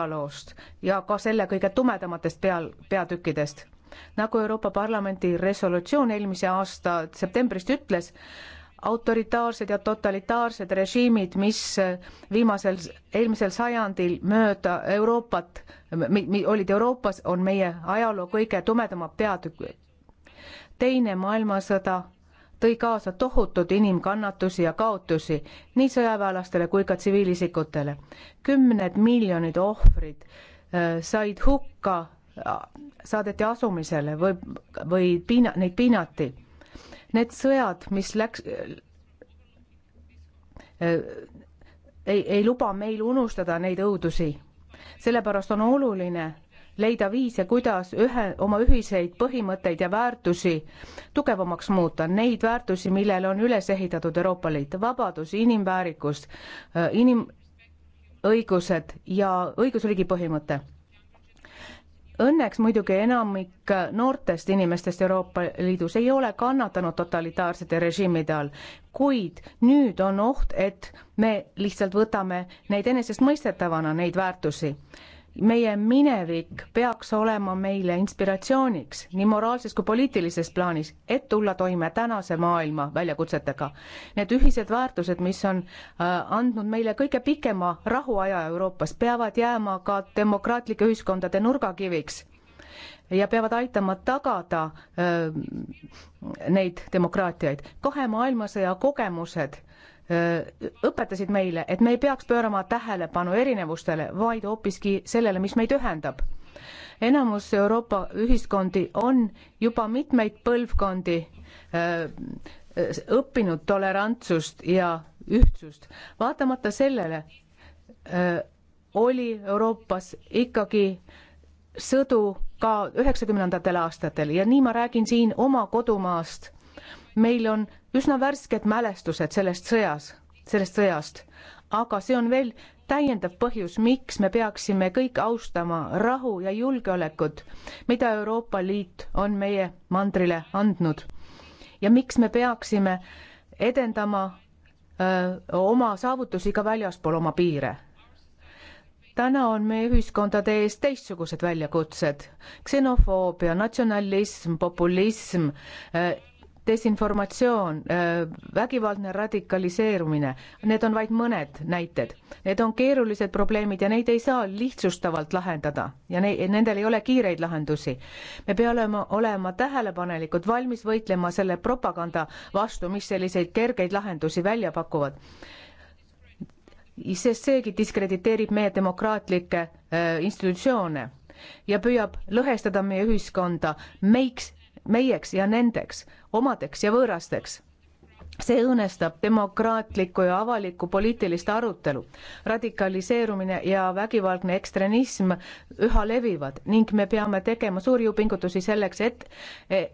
ajaloost ja ka selle kõige tumedamatest peal, peatükkidest. nagu Euroopa Parlamendi resolutsioon eelmise aasta septembrist ütles, autoritaarsed ja totalitaarsed režiimid, mis viimasel, eelmisel sajandil mööda Euroopat, olid Euroopas, on meie ajaloo kõige tumedamad peatükk. teine maailmasõda tõi kaasa tohutud inimkannatusi ja kaotusi nii sõjaväelastele kui ka tsiviilisikutele. kümned miljonid ohvrid äh, said hukka, äh, saadeti asumisele või, või piina-, neid piinati. Need sõjad, mis läks äh,, ei, ei luba meil unustada neid õudusi. sellepärast on oluline leida viise, kuidas ühe, oma ühiseid põhimõtteid ja väärtusi tugevamaks muuta, neid väärtusi, millele on üles ehitatud Euroopa Liit, vabadus, inimväärikus, äh, inimõigused ja õigusriigi põhimõte. Õnneks muidugi enamik noortest inimestest Euroopa Liidus ei ole kannatanud totalitaarsete režiimide all, kuid nüüd on oht, et me lihtsalt võtame neid enesestmõistetavana, neid väärtusi meie minevik peaks olema meile inspiratsiooniks nii moraalses kui poliitilises plaanis, et tulla toime tänase maailma väljakutsetega. Need ühised väärtused, mis on äh, andnud meile kõige pikema rahuaja Euroopas, peavad jääma ka demokraatlike ühiskondade nurgakiviks ja peavad aitama tagada öö, äh, neid demokraatiaid. kahe maailmasõja kogemused õpetasid meile, et me ei peaks pöörama tähelepanu erinevustele, vaid hoopiski sellele, mis meid ühendab. enamus Euroopa ühiskondi on juba mitmeid põlvkondi õppinud tolerantsust ja ühtsust. vaatamata sellele oli Euroopas ikkagi sõdu ka üheksakümnendatel aastatel ja nii ma räägin siin oma kodumaast meil on üsna värsked mälestused sellest sõjas, sellest sõjast, aga see on veel täiendav põhjus, miks me peaksime kõik austama rahu ja julgeolekut, mida Euroopa Liit on meie mandrile andnud. ja miks me peaksime edendama öö, oma saavutusi ka väljaspool oma piire täna on meie ühiskondade ees teistsugused väljakutsed. ksenofoobia, natsionalism, populism, desinformatsioon, äh, vägivaldne radikaliseerumine, need on vaid mõned näited. Need on keerulised probleemid ja neid ei saa lihtsustavalt lahendada ja ne-, nendel ei ole kiireid lahendusi. me peame olema, olema tähelepanelikud, valmis võitlema selle propaganda vastu, mis selliseid kergeid lahendusi välja pakuvad. sest seegi diskrediteerib meie demokraatlikke äh, institutsioone ja püüab lõhestada meie ühiskonda, makes meieks ja nendeks, omadeks ja võõrasteks see õõnestab demokraatlikku ja avalikku poliitilist arutelu. radikaliseerumine ja vägivaldne ekstremism üha levivad ning me peame tegema suuri jõupingutusi selleks, et e,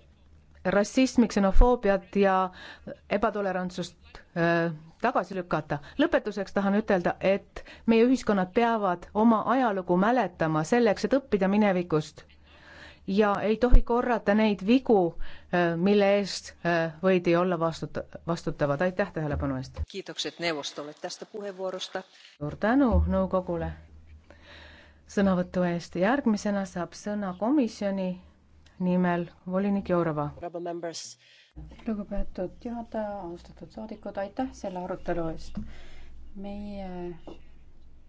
rassismi, ksenofoobiat ja ebatolerantsust e, tagasi lükata. lõpetuseks tahan ütelda, et meie ühiskonnad peavad oma ajalugu mäletama selleks, et õppida minevikust ja ei tohi korrata neid vigu, äh, mille eest äh, võidi olla vastuta-, vastutavad. aitäh tähelepanu eest! kiitokset neuvostole tästä puheenvuorosta. suur tänu nõukogule sõnavõtu eest. järgmisena saab sõna komisjoni nimel volinik Jourova. lugupeetud juhataja, austatud saadikud, aitäh selle arutelu eest. meie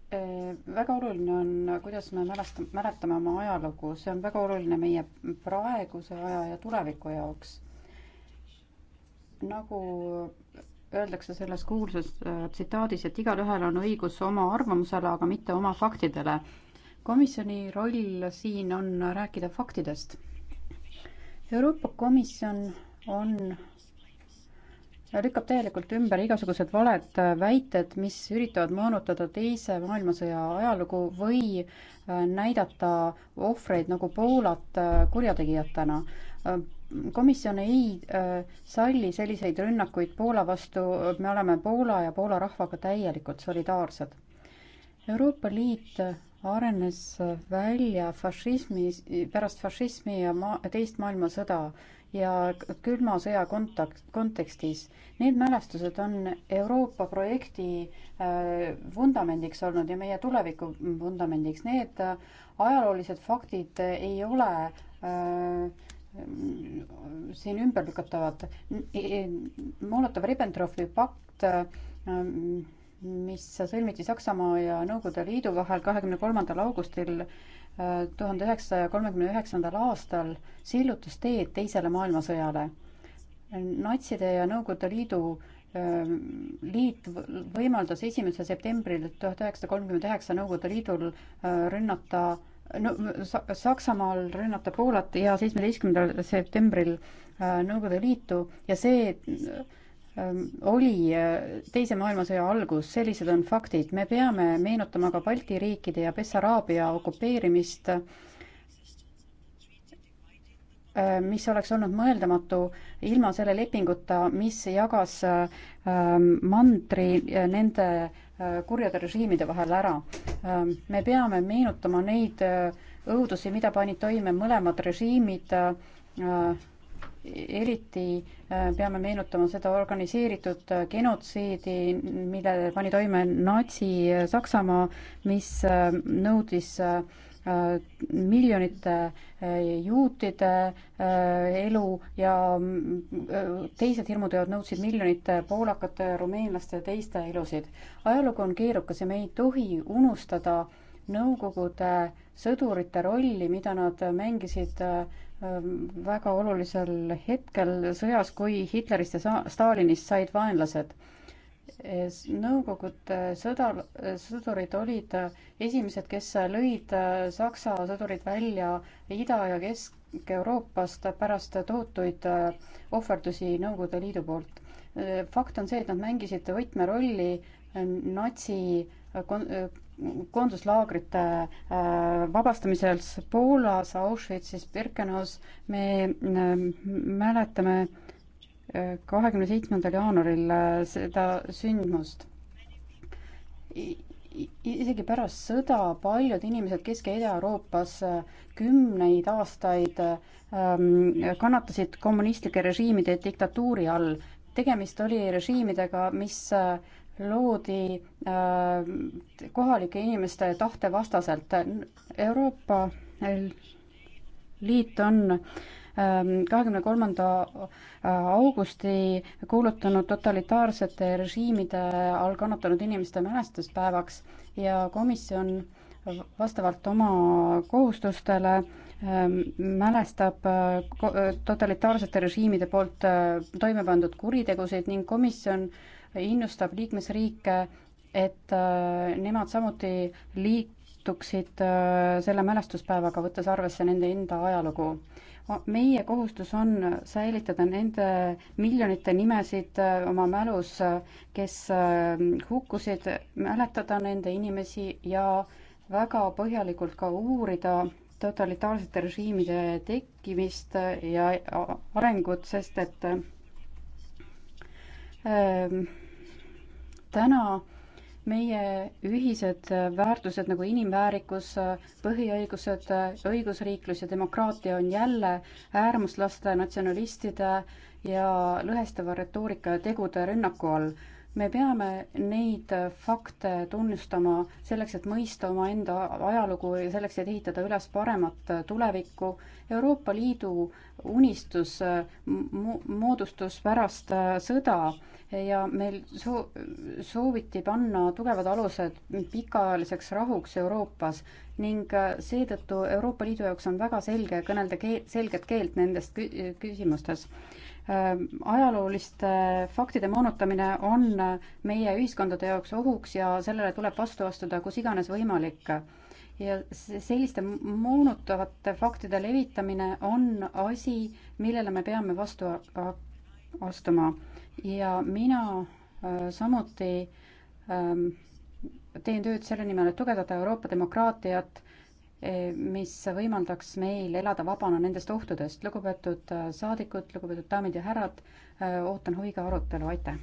väga oluline on, kuidas me mälestame, mäletame oma ajalugu, see on väga oluline meie praeguse aja ja tuleviku jaoks. nagu öeldakse selles kuulsas äh, tsitaadis, et igalühel on õigus oma arvamusele, aga mitte oma faktidele. komisjoni roll siin on rääkida faktidest. Euroopa Komisjon on lükkab täielikult ümber igasugused valed äh, väited, mis üritavad moonutada Teise maailmasõja ajalugu või äh, näidata ohvreid nagu Poolat äh, kurjategijatena. komisjon ei salli selliseid rünnakuid Poola vastu, me oleme Poola ja Poola rahvaga täielikult solidaarsed. Euroopa Liit arenes välja fašismi, pärast fašismi ja ma-, teist maailmasõda ja külma sõja kontakt, kontekstis. Need mälestused on Euroopa projekti äh, vundamendiks olnud ja meie tuleviku vundamendiks. Need äh, ajaloolised faktid ei ole äh, siin ümberlükatavad. E-, e-, Molotov-Ribbentropi pakt äh, mis sõlmiti Saksamaa ja Nõukogude Liidu vahel kahekümne kolmandal augustil tuhande üheksasaja kolmekümne üheksandal aastal sillutas teed Teisele maailmasõjale. natside ja Nõukogude Liidu liit võimaldas esimesel septembril tuhat üheksasada kolmkümmend üheksa Nõukogude Liidul rünnata no Saksamaal rünnata Poolat ja seitsmeteistkümnendal septembril Nõukogude Liitu ja see Ehm, oli äh, Teise maailmasõja algus, sellised on faktid. me peame meenutama ka Balti riikide ja Bessaraabia okupeerimist, äh, mis oleks olnud mõeldamatu ilma selle lepinguta, mis jagas äh, mandri nende kurjade režiimide vahel ära. Ehm, me peame meenutama neid õudusi, mida panid toime mõlemad režiimid eriti äh, peame meenutama seda organiseeritud äh, genotsiidi, mille pani toime Natsi-Saksamaa, äh, mis nõudis miljonite juutide elu ja mm, teised hirmuteod nõudsid miljonite poolakate, rumeenlaste ja teiste elusid. ajalugu on keerukas ja me ei tohi unustada Nõukogude sõdurite rolli, mida nad mängisid äh, Ehm, väga olulisel hetkel sõjas, kui Hitlerist ja Stalinist said vaenlased. Nõukogude sõda, sõdurid olid äh, esimesed, kes äh, lõid äh, Saksa sõdurid välja Ida- ja Kesk-Euroopast pärast tohutuid ohverdusi Nõukogude Liidu poolt. fakt on see, et nad mängisid võtmerolli natsi kon-, koonduslaagrite äh, vabastamises Poolas, Auschwitzis, Birkenaus, me äh, mäletame äh, kahekümne seitsmendal jaanuaril seda sündmust isegi pärast sõda paljud inimesed Kesk- ja Ida-Euroopas kümneid aastaid ähm, kannatasid kommunistlike režiimide diktatuuri all. tegemist oli režiimidega, mis loodi äh, kohalike inimeste tahte vastaselt. Euroopa Liit on ähm, kahekümne kolmanda äh, augusti kuulutanud totalitaarsete režiimide all kannatanud inimeste mälestuspäevaks ja komisjon vastavalt oma kohustustele ähm, mälestab äh, totalitaarsete režiimide poolt toime pandud kuritegusid ning komisjon äh, innustab liikmesriike, et äh, nemad samuti liituksid äh, selle mälestuspäevaga, võttes arvesse nende enda ajalugu. meie kohustus on säilitada nende miljonite nimesid äh, oma mälus, kes hukkusid, mäletada nende inimesi ja väga põhjalikult ka uurida totalitaarsete režiimide tekkimist ja arengut, sest et Ehm, täna meie ühised äh, väärtused nagu inimväärikus, äh, põhiõigused, äh, õigusriiklus ja demokraatia on jälle äärmuslaste, natsionalistide ja lõhestava retoorika ja tegude rünnaku all. me peame neid fakte tunnustama selleks, et mõista omaenda ajalugu ja selleks, et ehitada üles paremat tulevikku. Euroopa Liidu unistus moodustus pärast sõda ja meil soo-, sooviti panna tugevad alused pikaajaliseks rahuks Euroopas ning äh, seetõttu Euroopa Liidu jaoks on väga selge kõnelda keel, selget keelt nendest kü-, küsimustes ähm, ajalooliste faktide moonutamine on meie ühiskondade jaoks ohuks ja sellele tuleb vastu astuda kus iganes võimalik. ja selliste moonutavate faktide levitamine on asi, millele me peame vastu astuma ja mina äh, samuti ähm, teen tööd selle nimel, et tugevdada Euroopa demokraatiat, e, mis võimaldaks meil elada vabana nendest ohtudest. lugupeetud äh, saadikud, lugupeetud daamid ja härrad, äh, ootan huviga arutelu, aitäh!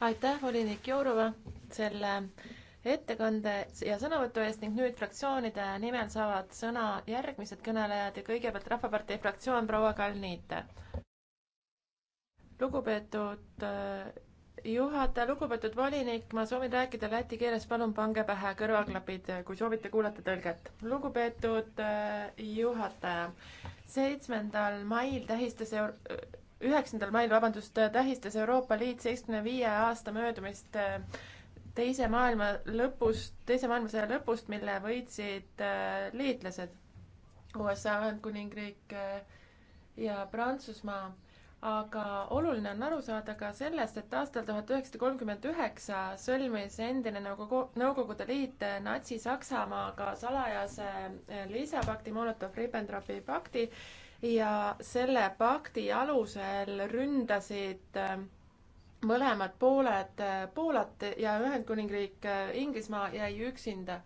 aitäh, volinik Jourova, selle ettekande ja sõnavõtu eest ning nüüd fraktsioonide nimel saavad sõna järgmised kõnelejad ja kõigepealt Rahvapartei fraktsioon proua Kalniite. lugupeetud äh, juhataja, lugupeetud volinik, ma soovin rääkida läti keeles, palun pange pähe kõrvaklapid, kui soovite kuulata tõlget. lugupeetud äh, juhataja, seitsmendal mail tähistas Euro-, üheksandal mail, vabandust, tähistas Euroopa Liit seitsmekümne viie aasta möödumist äh, teise maailma lõpust, teise maailmasõja lõpust, mille võitsid äh, liitlased USA, Ühendkuningriik äh, ja Prantsusmaa. aga oluline on aru saada ka sellest, et aastal tuhat üheksasada kolmkümmend üheksa sõlmis endine Nõukogu, Nõukogude Liit äh, Natsi-Saksamaaga salajase lisapakti, Molotov-Ribbentropi pakti ja selle pakti alusel ründasid äh, mõlemad pooled, äh, Poolat ja Ühendkuningriik, äh, Inglismaa jäi üksinda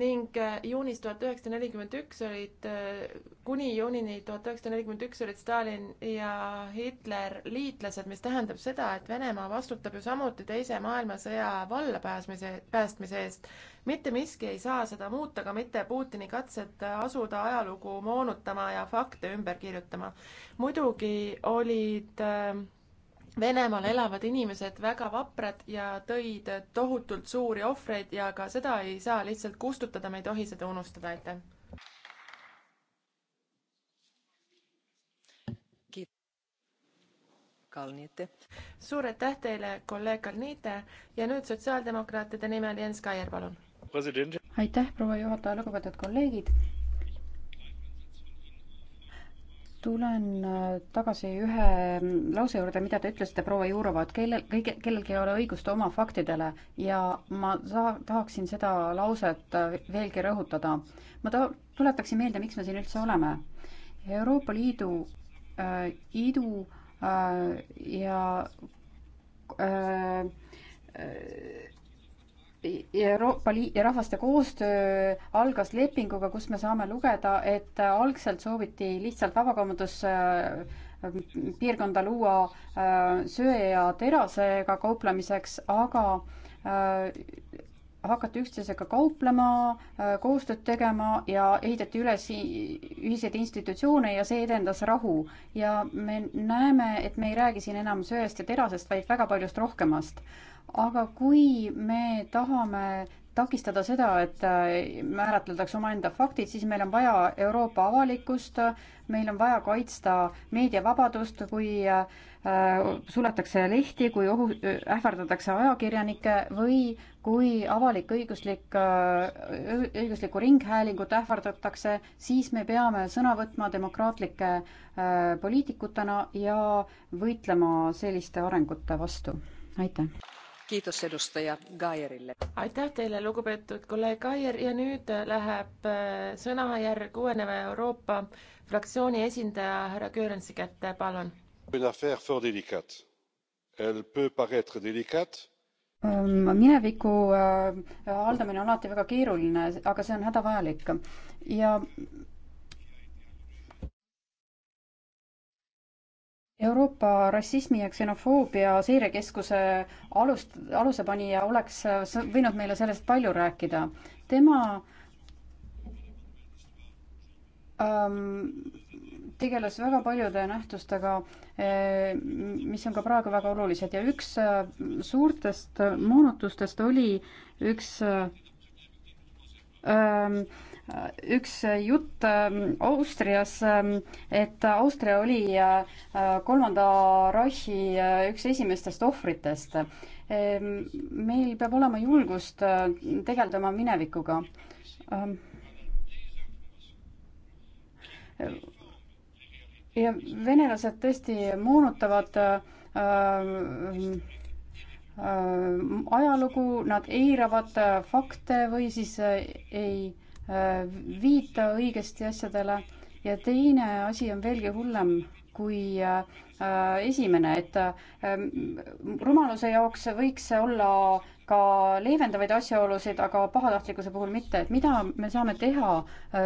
ning äh, juunis tuhat üheksasada nelikümmend üks olid, kuni juunini tuhat üheksasada nelikümmend üks olid Stalin ja Hitler liitlased, mis tähendab seda, et Venemaa vastutab ju samuti Teise maailmasõja vallapääsmise, päästmise eest. mitte miski ei saa seda muuta, ka mitte Putini katsed asuda ajalugu moonutama ja fakte ümber kirjutama. muidugi olid äh, Venemaal elavad inimesed väga vaprad ja tõid tohutult suuri ohvreid ja ka seda ei saa lihtsalt kustutada, me ei tohi seda unustada, aitäh. Kalniete. suur aitäh teile, kolleeg Kalniete ja nüüd sotsiaaldemokraatide nimel Jens Kaier, palun. aitäh, proua juhataja, lugupeetud kolleegid tulen äh, tagasi ühe mm, lause juurde, mida te ütlesite, proua Jurova, et kellel, kõige, kellelgi ei ole õigust oma faktidele ja ma saa-, tahaksin seda lauset äh, veelgi rõhutada. ma ta-, tuletaksin meelde, miks me siin üldse oleme. Euroopa Liidu äh, idu äh, ja äh, äh Euroopa Liit ja rahvaste koostöö algas lepinguga, kus me saame lugeda, et algselt sooviti lihtsalt vabakaubandus äh, piirkonda luua äh, söe ja terasega kauplemiseks, aga äh, hakati üksteisega kauplema, äh, koostööd tegema ja ehitati üles ühiseid institutsioone ja see edendas rahu. ja me näeme, et me ei räägi siin enam söest ja terasest, vaid väga paljust rohkemast. aga kui me tahame takistada seda, et äh, määratletakse omaenda faktid, siis meil on vaja Euroopa avalikkust, meil on vaja kaitsta meediavabadust, kui äh, Äh, suletakse lehti, kui ohu, äh, ähvardatakse ajakirjanikke või kui avalik-õiguslik, õiguslikku äh, ringhäälingut ähvardatakse, siis me peame sõna võtma demokraatlike poliitikutena ja võitlema selliste arengute vastu. aitäh! aitäh teile, lugupeetud kolleeg Kaier ja nüüd läheb sõnajärg uueneva Euroopa fraktsiooni esindaja härra Göransi kätte, palun une affaire fort délicate. Elle peut paraître délicate ehm, mineviku äh, haldamine on alati väga keeruline, aga see on hädavajalik ja Euroopa rassismi ja ksenofoobia seirekeskuse alust, alusepanija oleks äh, võinud meile sellest palju rääkida. tema ähm, tegeles väga paljude nähtustega, eh, mis on ka praegu väga olulised ja üks eh, suurtest moonutustest oli üks eh, üks jutt Austrias, et Austria oli kolmanda Reichi üks esimestest ohvritest. meil peab olema julgust tegeleda oma minevikuga ja venelased tõesti moonutavad äh, äh, ajalugu, nad eiravad äh, fakte või siis äh, ei äh, viita õigesti asjadele. ja teine asi on veelgi hullem kui äh, äh esimene, et äh, rumaluse jaoks võiks olla ka leevendavaid asjaolusid, aga pahatahtlikkuse puhul mitte, et mida me saame teha äh,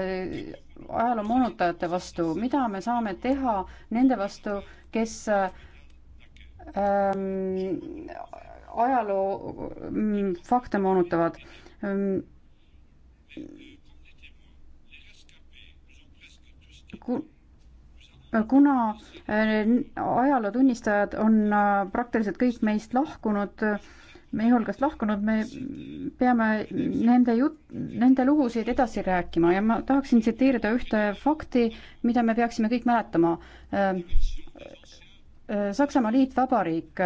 ajaloo moonutajate vastu, mida me saame teha nende vastu, kes ähm, ajaloo mm, fakte moonutavad ähm,. kuna äh, ajaloo tunnistajad on äh, praktiliselt kõik meist lahkunud äh,, meie hulgast lahkunud, me peame nende jut-, nende lugusid edasi rääkima ja ma tahaksin tsiteerida ühte fakti, mida me peaksime kõik mäletama. Saksamaa Liitvabariik,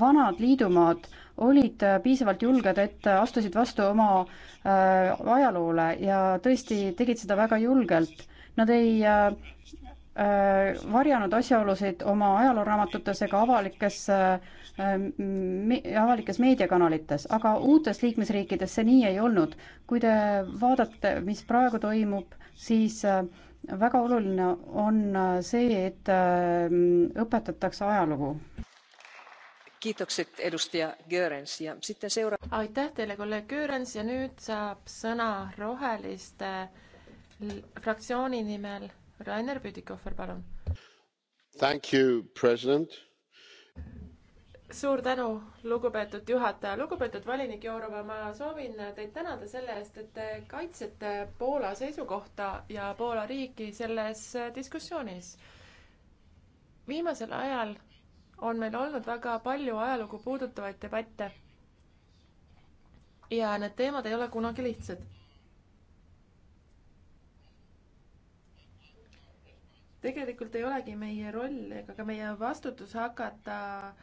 vanad liidumaad olid piisavalt julged, et astusid vastu oma äh, ajaloole ja tõesti tegid seda väga julgelt. Nad ei äh, Äh, varjanud asjaolusid oma ajalooraamatutes ega avalikes äh, me,, avalikes meediakanalites, aga uutes liikmesriikides see nii ei olnud. kui te vaatate, mis praegu toimub, siis äh, väga oluline on see, et õpetatakse ajalugu. kiitokset, edustaja Görens ja sitten seura-. aitäh teile, kolleeg Görens ja nüüd saab sõna Roheliste fraktsiooni nimel Rainer Püdikohver, palun. Thank you, president. suur tänu, lugupeetud juhataja, lugupeetud volinik Jourova, ma soovin teid tänada selle eest, et te kaitsete Poola seisukohta ja Poola riiki selles diskussioonis. viimasel ajal on meil olnud väga palju ajalugu puudutavaid debatte. ja need teemad ei ole kunagi lihtsad tegelikult ei olegi meie roll ega ka meie vastutus hakata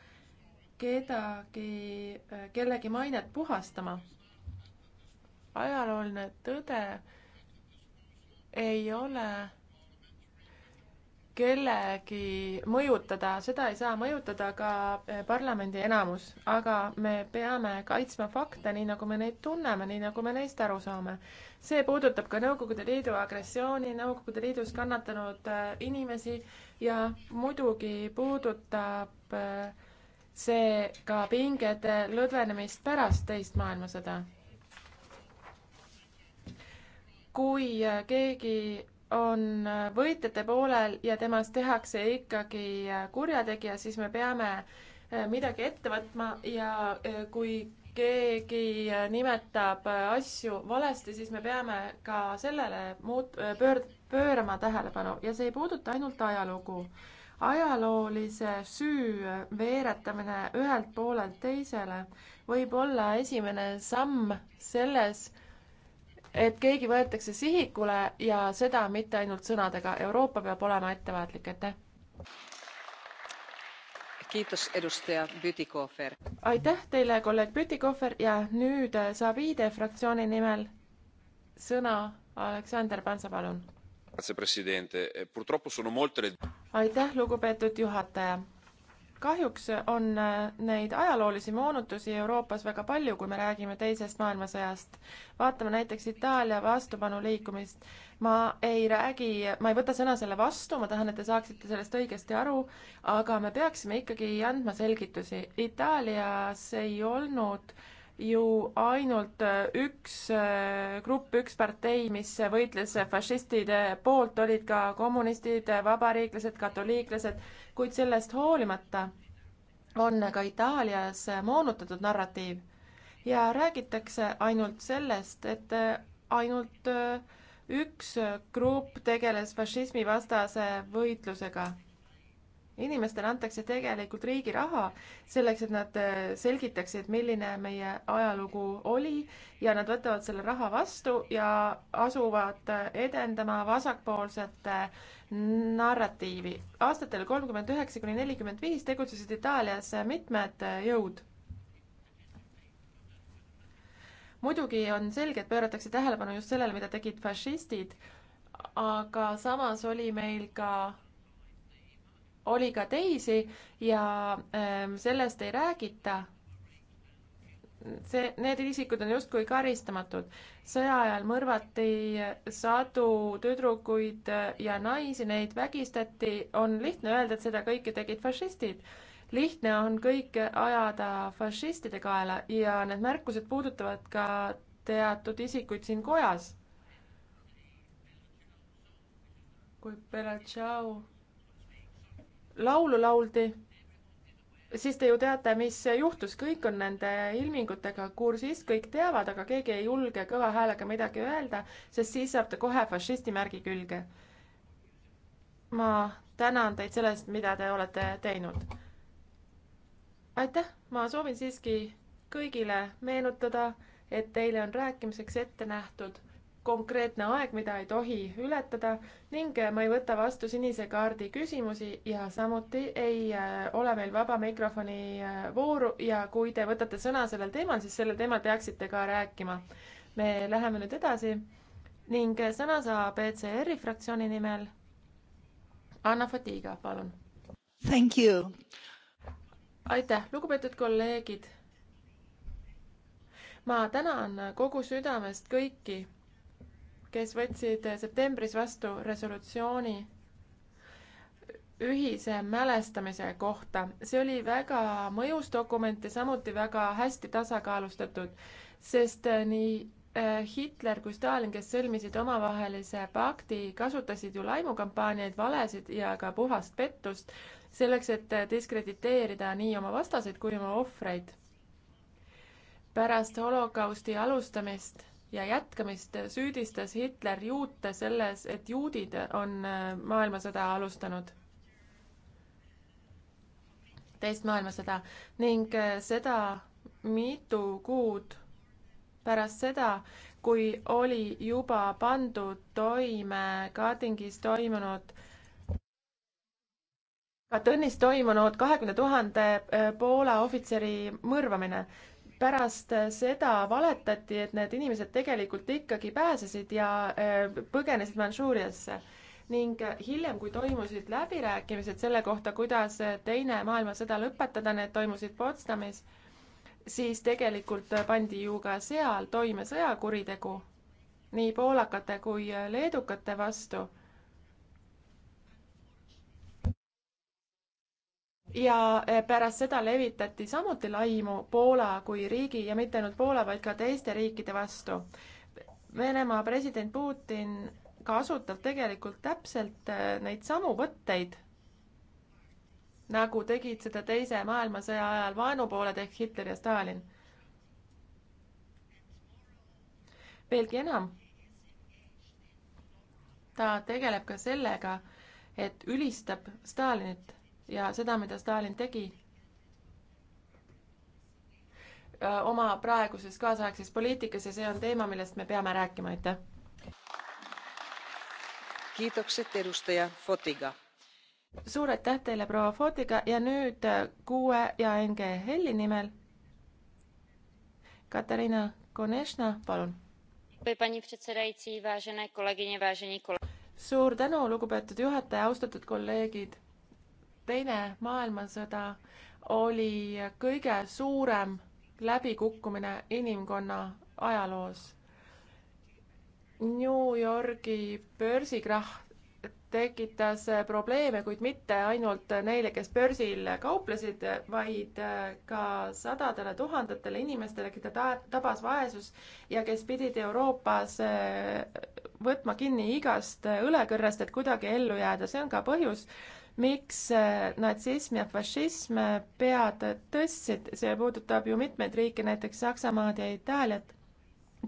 kedagi, kellegi mainet puhastama. ajalooline tõde ei ole kellegi mõjutada, seda ei saa mõjutada ka eh, parlamendi enamus, aga me peame kaitsma fakte, nii nagu me neid tunneme, nii nagu me neist aru saame. see puudutab ka Nõukogude Liidu agressiooni, Nõukogude Liidus kannatanud eh, inimesi ja muidugi puudutab eh, see ka pingede lõdvenemist pärast teist maailmasõda kui keegi on võitjate poolel ja temast tehakse ikkagi kurjategija, siis me peame äh, midagi ette võtma ja äh, kui keegi nimetab äh, asju valesti, siis me peame ka sellele muut-, pöör-, pöörama tähelepanu ja see ei puuduta ainult ajalugu. ajaloolise süü veeretamine ühelt poolelt teisele võib olla esimene samm selles, et keegi võetakse sihikule ja seda mitte ainult sõnadega. Euroopa peab olema ettevaatlik, aitäh! aitäh teile, kolleeg Bütikofer ja nüüd äh, saab ID fraktsiooni nimel sõna Aleksander Pansa, palun. Eh, aitäh, lugupeetud juhataja kahjuks on äh, neid ajaloolisi moonutusi Euroopas väga palju, kui me räägime Teisest maailmasõjast. vaatame näiteks Itaalia vastupanuliikumist. ma ei räägi, ma ei võta sõna selle vastu, ma tahan, et te saaksite sellest õigesti aru, aga me peaksime ikkagi andma selgitusi. Itaalias ei olnud äh, ju ainult äh, üks äh, grupp, üks partei, mis võitles fašistide poolt, olid ka kommunistid, vabariiklased, katoliiklased, kuid sellest hoolimata on ka Itaalias moonutatud narratiiv ja räägitakse ainult sellest, et äh, ainult üks grupp tegeles fašismivastase võitlusega inimestele antakse tegelikult riigi raha selleks, et nad äh, selgitaksid, milline meie ajalugu oli ja nad võtavad selle raha vastu ja asuvad äh, edendama vasakpoolsete äh, narratiivi. aastatel kolmkümmend üheksa kuni nelikümmend viis tegutsesid Itaalias mitmed jõud muidugi on selge, et pööratakse tähelepanu just sellele, mida tegid fašistid, aga samas oli meil ka oli ka teisi ja ähm, sellest ei räägita. see, need isikud on justkui karistamatud. sõja ajal mõrvati sadu tüdrukuid ja naisi, neid vägistati, on lihtne öelda, et seda kõike tegid fašistid lihtne on kõike ajada fašistide kaela ja need märkused puudutavad ka teatud isikuid siin kojas. kui Belatšau laulu lauldi, siis te ju teate, mis juhtus, kõik on nende ilmingutega kursis, kõik teavad, aga keegi ei julge kõva häälega midagi öelda, sest siis saab ta kohe fašisti märgi külge. ma tänan teid selle eest, mida te olete teinud. aitäh, ma soovin siiski kõigile meenutada, et teile on rääkimiseks ette nähtud konkreetne aeg, mida ei tohi ületada ning ma ei võta vastu sinise kaardi küsimusi ja samuti ei äh, ole meil vaba mikrofoni äh, vooru ja kui te võtate sõna sellel teemal, siis sellel teemal peaksite ka rääkima. me läheme nüüd edasi ning sõna saab ECR-i fraktsiooni nimel Anna Fatiga, palun. Thank you. aitäh, lugupeetud kolleegid ma tänan kogu südamest kõiki kes võtsid septembris vastu resolutsiooni ühise mälestamise kohta. see oli väga mõjus dokument ja samuti väga hästi tasakaalustatud, sest nii äh, Hitler kui Stalin, kes sõlmisid omavahelise pakti, kasutasid ju laimukampaaniaid, valesid ja ka puhast pettust selleks, et diskrediteerida nii oma vastaseid kui oma ohvreid. pärast holokausti alustamist ja jätkamist süüdistas Hitler juute selles, et juudid on äh, maailmasõda alustanud, teist maailmasõda, ning äh, seda mitu kuud pärast seda, kui oli juba pandud toime Kadingis toimunud Katõnis toimunud kahekümne tuhande äh, Poola ohvitseri mõrvamine pärast äh, seda valetati, et need inimesed tegelikult ikkagi pääsesid ja äh, põgenesid Mandžuuriasse ning äh, hiljem, kui toimusid läbirääkimised selle kohta, kuidas Teine maailmasõda lõpetada, need toimusid Potsdamis, siis tegelikult pandi ju ka seal toime sõjakuritegu nii poolakate kui leedukate vastu ja eh, pärast seda levitati samuti laimu Poola kui riigi ja mitte ainult Poola, vaid ka teiste riikide vastu. Venemaa president Putin kasutab tegelikult täpselt eh, neid samu võtteid, nagu tegid seda Teise maailmasõja ajal vaenupooled ehk Hitler ja Stalin. veelgi enam, ta tegeleb ka sellega, et ülistab Stalinit ja seda, mida Stalin tegi oma praeguses kaasaegses poliitikas ja see on teema, millest me peame rääkima, aitäh. kiitokset, edustaja Fotiga. suur aitäh teile, proua Fotiga ja nüüd kuue ja NGL-i nimel. Katariina Konešna, palun. suur tänu, lugupeetud juhataja, austatud kolleegid teine maailmasõda oli kõige suurem läbikukkumine inimkonna ajaloos. New Yorgi börsikrahh tekitas probleeme, kuid mitte ainult neile, kes börsil kauplesid, vaid ka sadadele tuhandetele inimestele, keda ta-, tabas vaesus ja kes pidid Euroopas eh, võtma kinni igast õlekõrrest, et kuidagi ellu jääda. see on ka põhjus, miks äh, natsism ja fašism äh, pead tõstsid, see puudutab ju mitmeid riike, näiteks Saksamaad ja Itaaliat.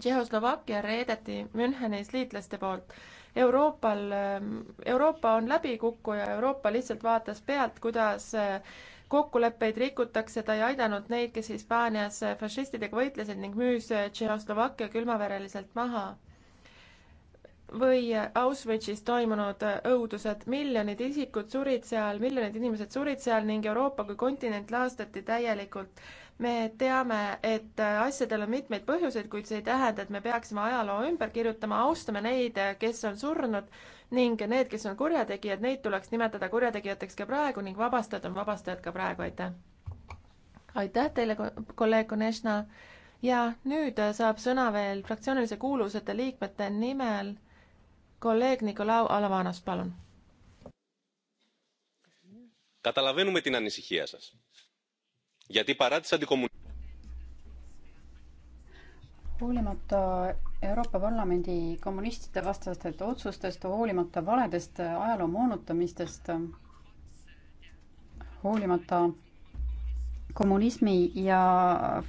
Tšehhoslovakkia reedeti Münchenis liitlaste poolt. Euroopal, ähm, Euroopa on läbikukkuja, Euroopa lihtsalt vaatas pealt, kuidas äh, kokkuleppeid rikutakse, ta ei aidanud neid, kes Hispaanias fašistidega võitlesid ning müüs Tšehhoslovakkia külmavereliselt maha või Auschwitzis toimunud õudused. miljonid isikud surid seal, miljonid inimesed surid seal ning Euroopa kui kontinent laastati täielikult. me teame, et asjadel on mitmeid põhjuseid, kuid see ei tähenda, et me peaksime ajaloo ümber kirjutama, austame neid, kes on surnud ning need, kes on kurjategijad, neid tuleks nimetada kurjategijateks ka praegu ning vabastajad on vabastajad ka praegu, aitäh! aitäh teile, kolleeg Konešna! ja nüüd saab sõna veel fraktsioonilise kuuluvuseta liikmete nimel kolleeg Nikolau Alavanos, palun. Καταλαβαίνουμε την ανησυχία σας. Γιατί παρά τις αντικομουνιστικές hoolimata Euroopa Parlamendi kommunistide vastastest otsustest, hoolimata valedest, ajaloo moonutamistest, hoolimata kommunismi ja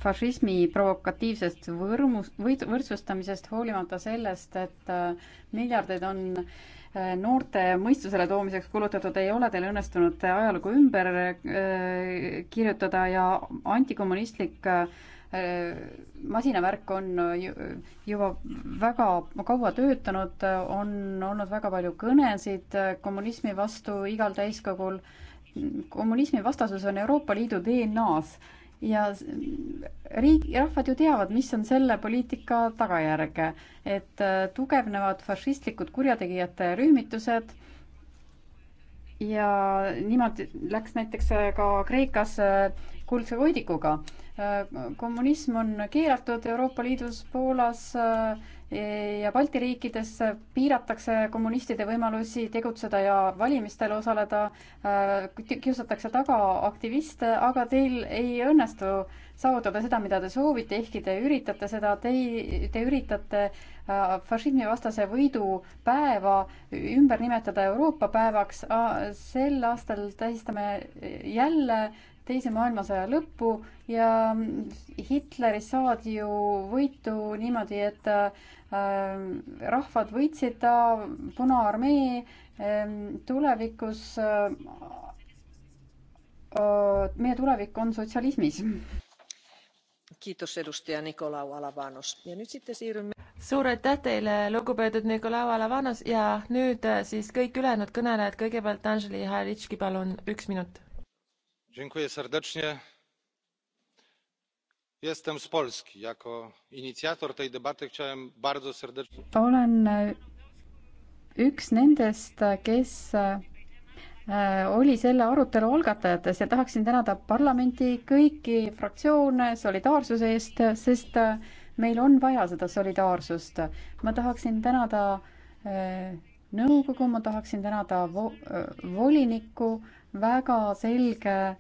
fašismi provokatiivsest võrmus, võrdsustamisest, hoolimata sellest, et äh, miljardeid on äh, noorte mõistusele toomiseks kulutatud, ei ole teil õnnestunud ajalugu ümber äh, kirjutada ja antikommunistlik masinavärk on juba väga kaua töötanud, on olnud väga palju kõnesid kommunismi vastu igal täiskogul kommunismi vastasus on Euroopa Liidu DNA-s ja riik, rahvad ju teavad, mis on selle poliitika tagajärg, et äh, tugevnevad fašistlikud kurjategijate rühmitused ja niimoodi läks näiteks äh, ka Kreekas äh, kuldse voidikuga Äh, kommunism on keelatud Euroopa Liidus, Poolas äh, ja Balti riikides piiratakse kommunistide võimalusi tegutseda ja valimistel osaleda, äh, kiusatakse taga aktiviste, aga teil ei õnnestu saavutada seda, mida te soovite, ehkki te üritate seda, te ei, te üritate fašismivastase võidu päeva ümber nimetada Euroopa päevaks. sel aastal tähistame jälle Teise maailmasõja lõppu ja Hitlerist saadi ju võitu niimoodi, et äh, rahvad võitsid ta, Punaarmee ähm, tulevikus, äh, äh, meie tulevik on sotsialismis. suur aitäh teile, lugupeetud Nikolau Alavanos ja nüüd siis kõik ülejäänud kõnelejad, kõigepealt Anželi Halitški, palun üks minut dziękuję serdecznie. jestem z polski. jako inicjator tej debaty chciałem bardzo serdecznie. olen e, üks nendest kes e, oli selle arutelu algatajates ja tahaksin tänada parlamenti kõiki fraktsioone solidaarsuse eest, sest e, meil on vaja seda solidaarsust. ma tahaksin tänada nõukogu, ma tahaksin tänada vo volinikku väga selge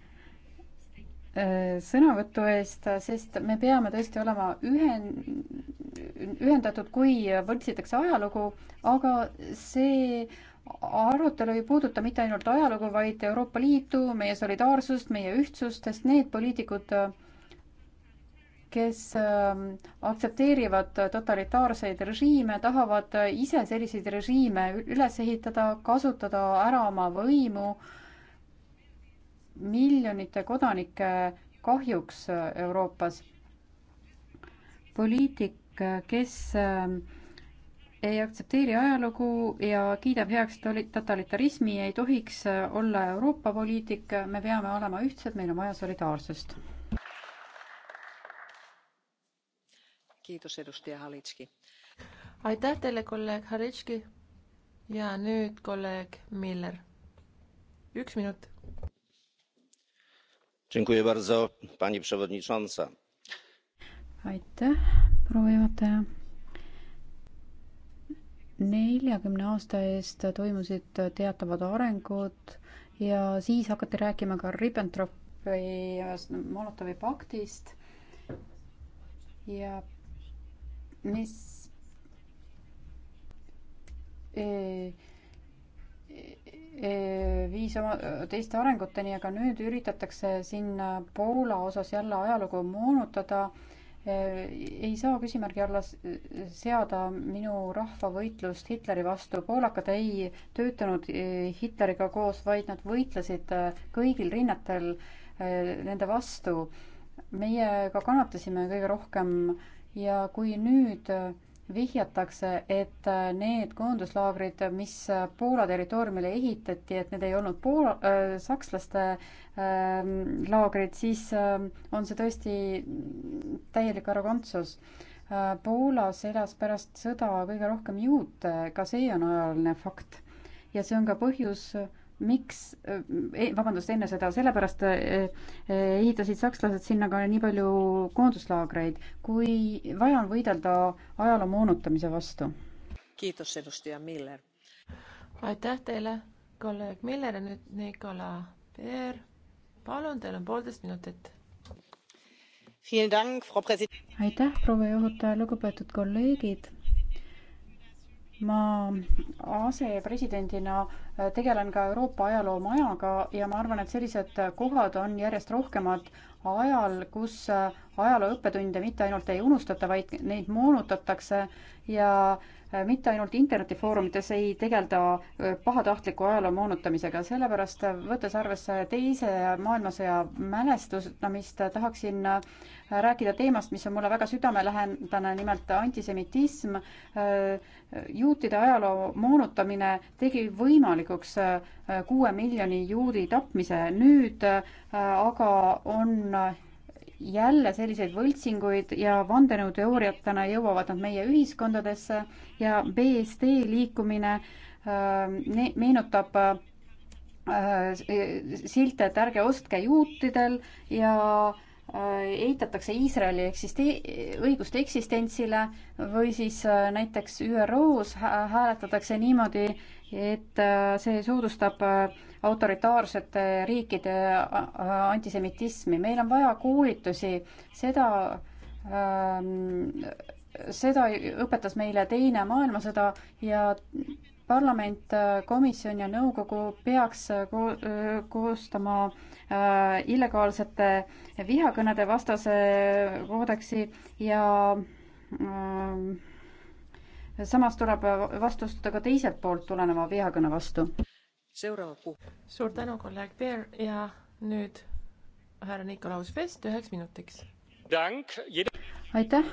Äh, sõnavõtu eest, sest me peame tõesti olema ühen-, ühendatud, kui võltsitakse ajalugu, aga see arutelu ei puuduta mitte ainult ajalugu, vaid Euroopa Liitu, meie solidaarsust, meie ühtsust, sest need poliitikud, kes ähm, aktsepteerivad totalitaarseid režiime, tahavad ise selliseid režiime üles ehitada, kasutada ära oma võimu äh, miljonite kodanike kahjuks Euroopas. poliitik, kes ähm, ei aktsepteeri ajalugu ja kiidab heaks totalitarismi, ei tohiks äh, olla Euroopa poliitik, me peame olema ühtsed, meil on vaja solidaarsust. aitäh teile, kolleeg Haritski ja nüüd kolleeg Miller. üks minut aitäh, proua juhataja. neljakümne aasta eest toimusid teatavad arengud ja siis hakati rääkima ka Ribbentropi ja Molotovi paktist ja mis eh, viis oma teiste arenguteni, aga nüüd üritatakse siin Poola osas jälle ajalugu moonutada. ei saa küsimärgi alla seada minu rahva võitlust Hitleri vastu. poolakad ei töötanud Hitleriga koos, vaid nad võitlesid kõigil rinnetel nende vastu. meie ka kannatasime kõige rohkem ja kui nüüd äh, vihjatakse, et need koonduslaagrid, mis Poola territooriumile ehitati, et need ei olnud Poola äh,, sakslaste äh, laagrid, siis äh, on see tõesti täielik arrogantsus äh,. Poolas elas pärast sõda kõige rohkem juute, ka see on ajaline fakt. ja see on ka põhjus äh,, miks, eh, e, vabandust, enne seda, sellepärast eh, eh, ehitasid sakslased sinna ka nii palju koonduslaagreid, kui vaja on võidelda ajaloo moonutamise vastu. aitäh teile, kolleeg Miller ja nüüd Nicola Peer. palun, teil on poolteist minutit. aitäh, proua juhataja, lugupeetud kolleegid ma asepresidendina äh, tegelen ka Euroopa ajaloomajaga ja ma arvan, et sellised kohad on järjest rohkemad ajal, kus äh, ajaloo õppetunde mitte ainult ei unustata, vaid neid moonutatakse ja äh, Äh, mitte ainult internetifoorumites ei tegelda äh, pahatahtliku ajaloo moonutamisega, sellepärast äh, võttes arvesse teise maailmasõja mälestustamist, tahaksin rääkida teemast, mis on mulle väga südamelähedane, nimelt antisemitism. juutide ajaloo moonutamine tegi võimalikuks kuue miljoni juudi tapmise, nüüd aga on jälle selliseid võltsinguid ja vandenõuteooriatena jõuavad nad meie ühiskondadesse ja BSD liikumine äh, meenutab äh, silte, et ärge ostke juutidel ja äh, eitatakse Iisraeli eksiste-, õigust eksistentsile või siis äh, näiteks ÜRO-s hääletatakse niimoodi, et äh, see soodustab autoritaarsete riikide antisemitismi. meil on vaja koolitusi, seda ähm, seda õpetas meile Teine maailmasõda ja parlament, äh, komisjon ja nõukogu peaks äh, ko äh, koostama äh, illegaalsete vihakõnede vastase koodeksi ja äh, samas tuleb vastustuda ka teiselt poolt tuleneva vihakõne vastu suur tänu, kolleeg Peer ja nüüd härra Nikolaus Vest üheks minutiks. aitäh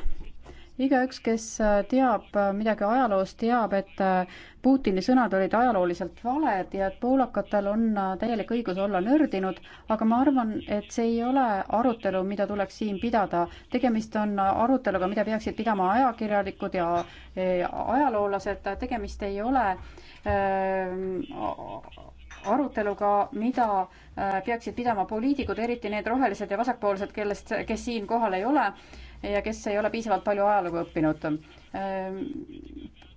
igaüks, kes äh, teab äh, midagi ajaloost, teab, et äh, Putini sõnad olid ajalooliselt valed ja et poolakatel on täielik õigus olla nördinud, aga ma arvan, et see ei ole arutelu, mida tuleks siin pidada. tegemist on aruteluga, mida peaksid pidama ajakirjanikud ja ajaloolased, tegemist ei ole äh, Ehm, aruteluga, mida äh, peaksid pidama poliitikud, eriti need rohelised ja vasakpoolsed, kellest, kes siin kohal ei ole ja kes ei ole piisavalt palju ajalugu õppinud. Ehm,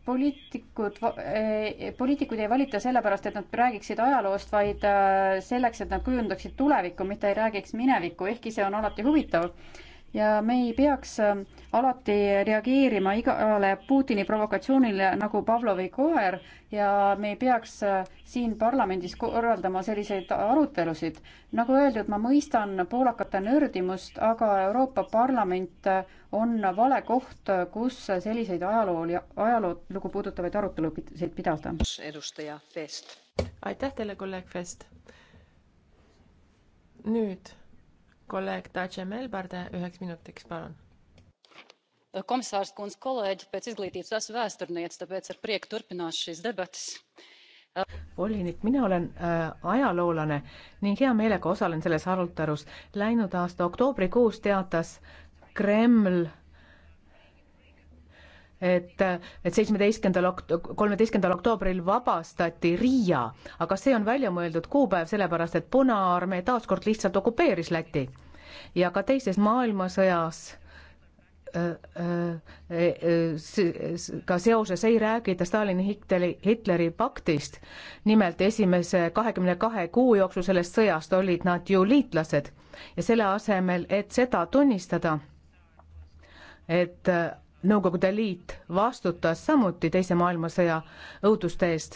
poliitikud, eh, poliitikuid ei valita sellepärast, et nad räägiksid ajaloost, vaid äh, selleks, et nad kujundaksid tulevikku, mitte ei räägiks minevikku, ehkki see on alati huvitav ja me ei peaks ähm, alati reageerima igale Putini provokatsioonile nagu Pavlovi koer ja me ei peaks äh, siin parlamendis korraldama selliseid arutelusid. nagu öeldud, ma mõistan poolakate nördimust, aga Euroopa Parlament äh, on vale koht, äh, kus selliseid ajalooli, ajalugu puudutavaid arutelusid pidada. edustaja Fest. aitäh teile, kolleeg Fest. nüüd kolleeg Dace Melbarde üheks minutiks, palun. komisārs kundze, kolēģi, pēc izglītības esmu vēsturniece, tāpēc ar prieku turpināšu šīs debatas. volinik, mina olen äh, ajaloolane ning hea meelega osalen selles arutelus. Läinud aasta oktoobrikuus teatas Kreml äh, et, et seitsmeteistkümnendal okt-, kolmeteistkümnendal oktoobril vabastati Riia, aga see on väljamõeldud kuupäev, sellepärast et Punaarmee taaskord lihtsalt okupeeris Läti. ja ka teises maailmasõjas ka seoses ei räägita Stalini Hitleri, Hitleri paktist. nimelt esimese kahekümne kahe kuu jooksul sellest sõjast olid nad ju liitlased ja selle asemel, et seda tunnistada, et Nõukogude Liit vastutas samuti Teise maailmasõja õuduste eest.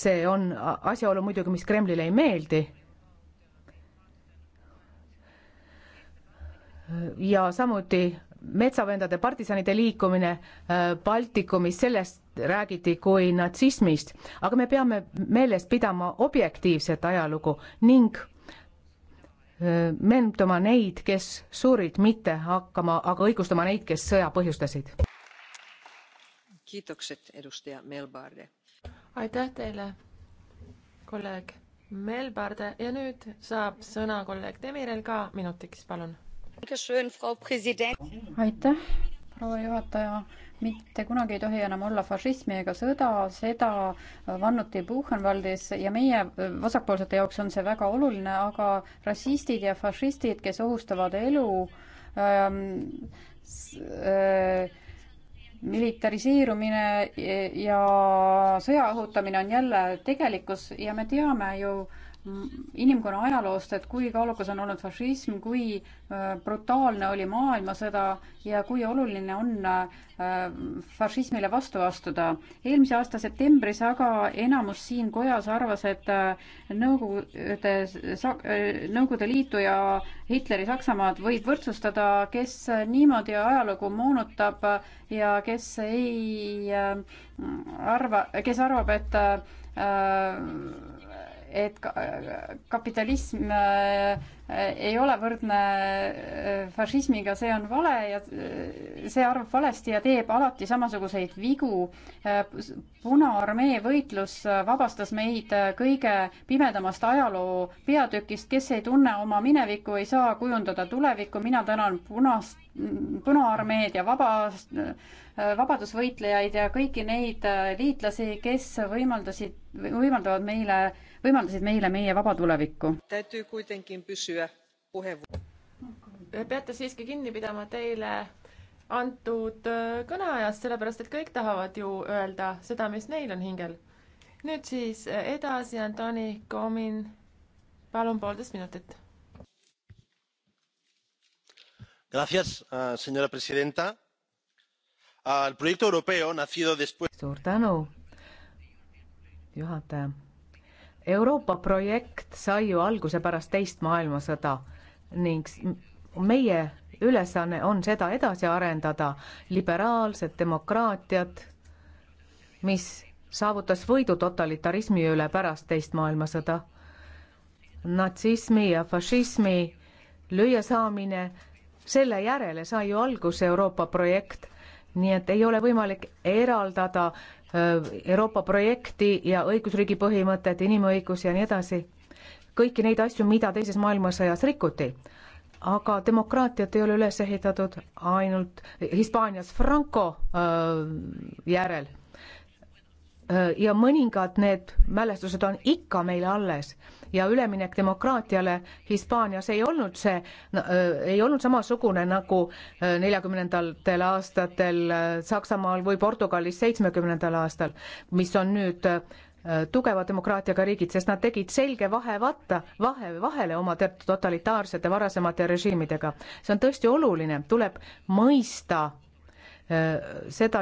see on asjaolu muidugi, mis Kremlile ei meeldi. ja samuti metsavendade partisanide liikumine äh, Baltikumis, sellest räägiti kui natsismist, aga me peame meeles pidama objektiivset ajalugu ning meenutama neid, kes surid, mitte hakkama, aga õigustama neid, kes sõja põhjustasid. aitäh teile, kolleeg Melbarde ja nüüd saab sõna kolleeg Demirel ka minutiks, palun. aitäh, proua juhataja mitte kunagi ei tohi enam olla fašismi ega sõda, seda vannuti Buchenwaldis ja meie äh, vasakpoolsete jaoks on see väga oluline, aga rassistid ja fašistid, kes ohustavad elu ähm,, äh, militariseerumine ja sõja õhutamine on jälle tegelikkus ja me teame ju äh, inimkonna ajaloost, et kui kaalukas on olnud fašism, kui äh, brutaalne oli maailmasõda ja kui oluline on äh, fašismile vastu astuda. eelmise aasta septembris aga enamus siin kojas arvas, et äh, Nõukogude, Nõukogude Liitu ja Hitleri Saksamaad võib võrdsustada, kes niimoodi ajalugu moonutab ja kes ei arva, kes arvab, et äh, et kapitalism äh, ei ole võrdne äh, fašismiga, see on vale ja äh, see arvab valesti ja teeb alati samasuguseid vigu. Punaarmee võitlus vabastas meid kõige pimedamast ajaloo peatükist, kes ei tunne oma minevikku, ei saa kujundada tulevikku, mina tänan punast Punaarmeed ja vaba, vabadusvõitlejaid ja kõiki neid liitlasi, kes võimaldasid, võimaldavad meile võimaldasid meile meie vaba tulevikku. peate siiski kinni pidama teile antud äh, kõneajast, sellepärast et kõik tahavad ju öelda seda, mis neil on hingel. nüüd siis äh, edasi, Antoni Komin, palun poolteist minutit. Gracias, ah, señora presidenta. Ah, el proyecto europeo nacido después. suur tänu, juhataja Euroopa projekt sai ju alguse pärast teist maailmasõda ning meie ülesanne on seda edasi arendada, liberaalset demokraatiat, mis saavutas võidu totalitarismi üle pärast teist maailmasõda. natsismi ja fašismi lüüasaamine, selle järele sai ju alguse Euroopa projekt, nii et ei ole võimalik eraldada Äh, Euroopa projekti ja õigusriigi põhimõtet, inimõigusi ja nii edasi, kõiki neid asju, mida Teises maailmasõjas rikuti. aga demokraatiat ei ole üles ehitatud ainult Hispaanias Franco äh, järel ja mõningad need mälestused on ikka meil alles ja üleminek demokraatiale Hispaanias ei olnud see no,, ei olnud samasugune nagu neljakümnendatel aastatel Saksamaal või Portugalis seitsmekümnendal aastal, mis on nüüd tugeva demokraatiaga riigid, sest nad tegid selge vahe vaata, vahe vahele oma totalitaarsete varasemate režiimidega. see on tõesti oluline, tuleb mõista Äh, seda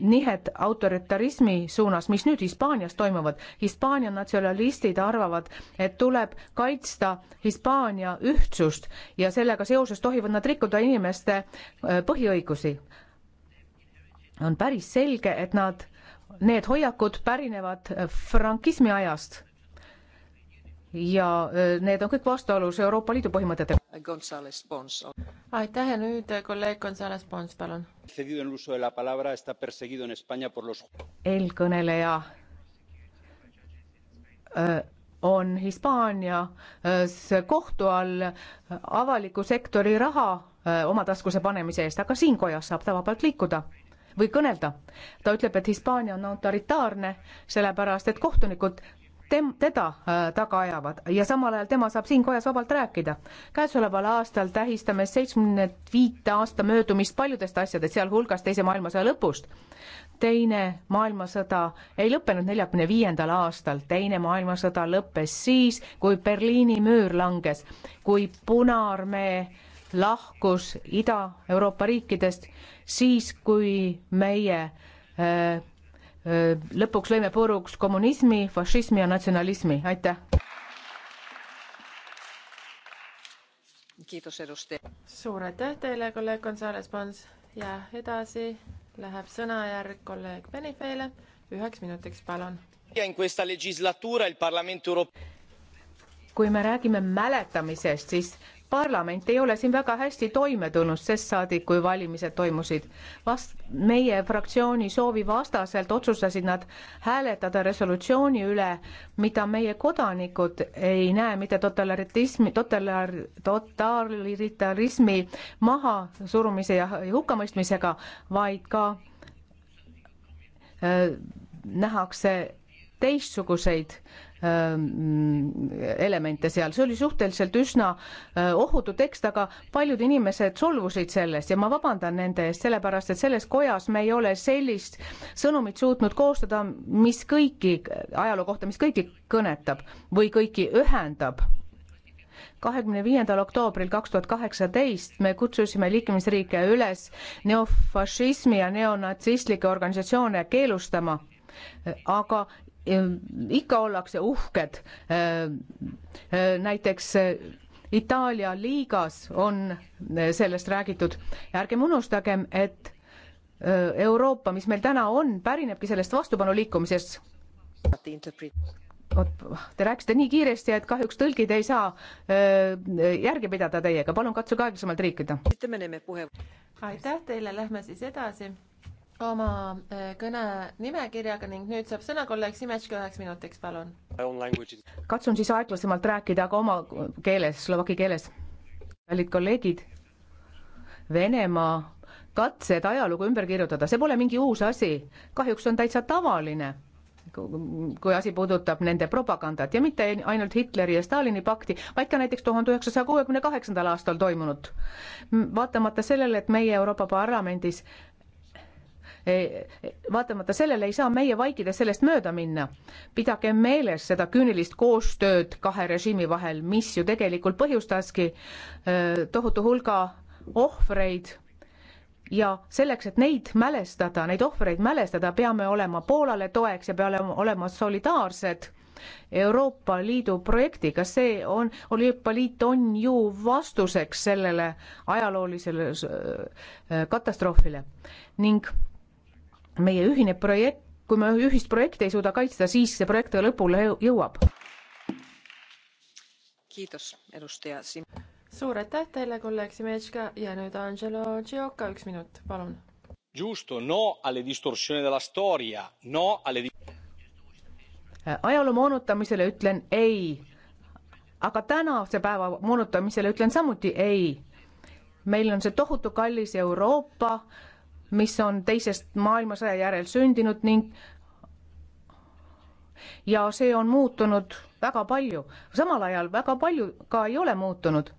nihet autoritarismi suunas, mis nüüd Hispaanias toimuvad. Hispaania natsionalistid arvavad, et tuleb kaitsta Hispaania ühtsust ja sellega seoses tohivad nad rikkuda inimeste äh, põhiõigusi. on päris selge, et nad, need hoiakud pärinevad äh, frankismi ajast. ja need on kõik vastuolus Euroopa Liidu põhimõtetega aitäh ja nüüd eh, kolleeg Gonzales Pons, palun. eelkõneleja eh, on Hispaanias eh, kohtu all avaliku sektori raha oma taskuse panemise eest, aga siin kojas saab ta vabalt liikuda või kõnelda. ta ütleb, et Hispaania on autoritaarne, sellepärast et kohtunikud tem-, teda äh, taga ajavad ja samal ajal tema saab siin kojas vabalt rääkida. käesoleval aastal tähistame seitsmekümne viite aasta möödumist paljudest asjadest, sealhulgas Teise maailmasõja lõpust. teine maailmasõda ei lõppenud neljakümne viiendal aastal, teine maailmasõda lõppes siis, kui Berliini müür langes, kui Punaarmee lahkus Ida-Euroopa riikidest, siis kui meie äh, Äh, lõpuks lõime puruks kommunismi, fašismi ja natsionalismi, aitäh. suur aitäh teile, kolleeg Gonzales Pons ja edasi läheb sõnajärg kolleeg Benifeile üheks minutiks, palun. kui me räägime mäletamisest, siis parlament ei ole siin väga hästi toime tulnud, sest saadik, kui valimised toimusid. Vast-, meie fraktsiooni soovi vastaselt otsustasid nad hääletada resolutsiooni üle, mida meie kodanikud ei näe mitte totalitismi, totalar-, totalitarismi mahasurumise ja hukkamõistmisega, vaid ka äh, nähakse teistsuguseid Ähm, elemente seal, see oli suhteliselt üsna äh, ohutu tekst, aga paljud inimesed solvusid sellest ja ma vabandan nende eest, sellepärast et selles kojas me ei ole sellist sõnumit suutnud koostada, mis kõiki, ajaloo kohta, mis kõiki kõnetab või kõiki ühendab kahekümne viiendal oktoobril kaks tuhat kaheksateist me kutsusime liikmesriike üles neofašismi ja neonatsistlikke organisatsioone keelustama, aga Ehm, ikka ollakse uhked. Ehm, ehm, näiteks eh, Itaalia liigas on eh, sellest räägitud. ärgem unustagem, et eh, Euroopa, mis meil täna on, pärinebki sellest vastupanuliikumisest. Te rääkisite nii kiiresti, et kahjuks tõlgid ei saa järge pidada teiega, palun katsuge aeglasemalt riikida. aitäh teile, lähme siis edasi oma äh, kõne nimekirjaga ning nüüd saab sõna kolleeg Simetška üheks minutiks, palun. katsun siis aeglasemalt rääkida, aga oma keeles, slovaki keeles. kallid kolleegid, Venemaa katsed ajalugu ümber kirjutada, see pole mingi uus asi, kahjuks on täitsa tavaline, kui asi puudutab nende propagandat ja mitte ainult Hitleri ja Stalini pakti, vaid ka näiteks tuhande üheksasaja kuuekümne kaheksandal aastal toimunut. vaatamata sellele, et meie Euroopa Parlamendis vaatamata sellele ei saa meie vaikides sellest mööda minna. pidagem meeles seda küünilist koostööd kahe režiimi vahel, mis ju tegelikult põhjustaski tohutu hulga ohvreid ja selleks, et neid mälestada, neid ohvreid mälestada, peame olema Poolale toeks ja peame olema solidaarsed Euroopa Liidu projektiga, see on, Euroopa Liit on ju vastuseks sellele ajaloolisele katastroofile ning meie ühine projekt, kui me ühist projekti ei suuda kaitsta, siis see projekt lõpule jõuab. suur aitäh teile, kolleeg Simetška ja nüüd Angelo Gioca, üks minut, palun. Giusto, no alle distorsione della storia, no alle äh, ajaloo moonutamisele ütlen ei. aga tänase päeva moonutamisele ütlen samuti ei. meil on see tohutu kallis Euroopa mis on teisest maailmasõja järel sündinud ning ja see on muutunud väga palju, samal ajal väga palju ka ei ole muutunud.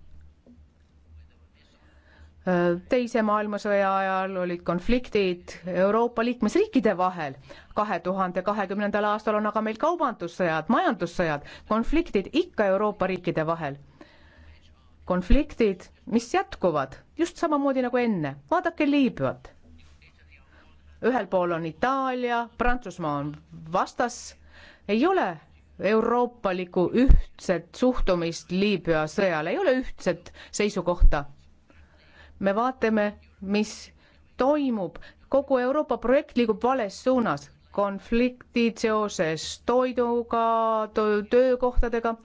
teise maailmasõja ajal olid konfliktid Euroopa liikmesriikide vahel. kahe tuhande kahekümnendal aastal on aga meil kaubandussõjad, majandussõjad, konfliktid ikka Euroopa riikide vahel. konfliktid, mis jätkuvad just samamoodi nagu enne, vaadake Liibüat ühel pool on Itaalia, Prantsusmaa on vastas, ei ole euroopalikku ühtset suhtumist Liibüa sõjale, ei ole ühtset seisukohta. me vaatame, mis toimub, kogu Euroopa projekt liigub vales suunas, konfliktid seoses toiduga, töökohtadega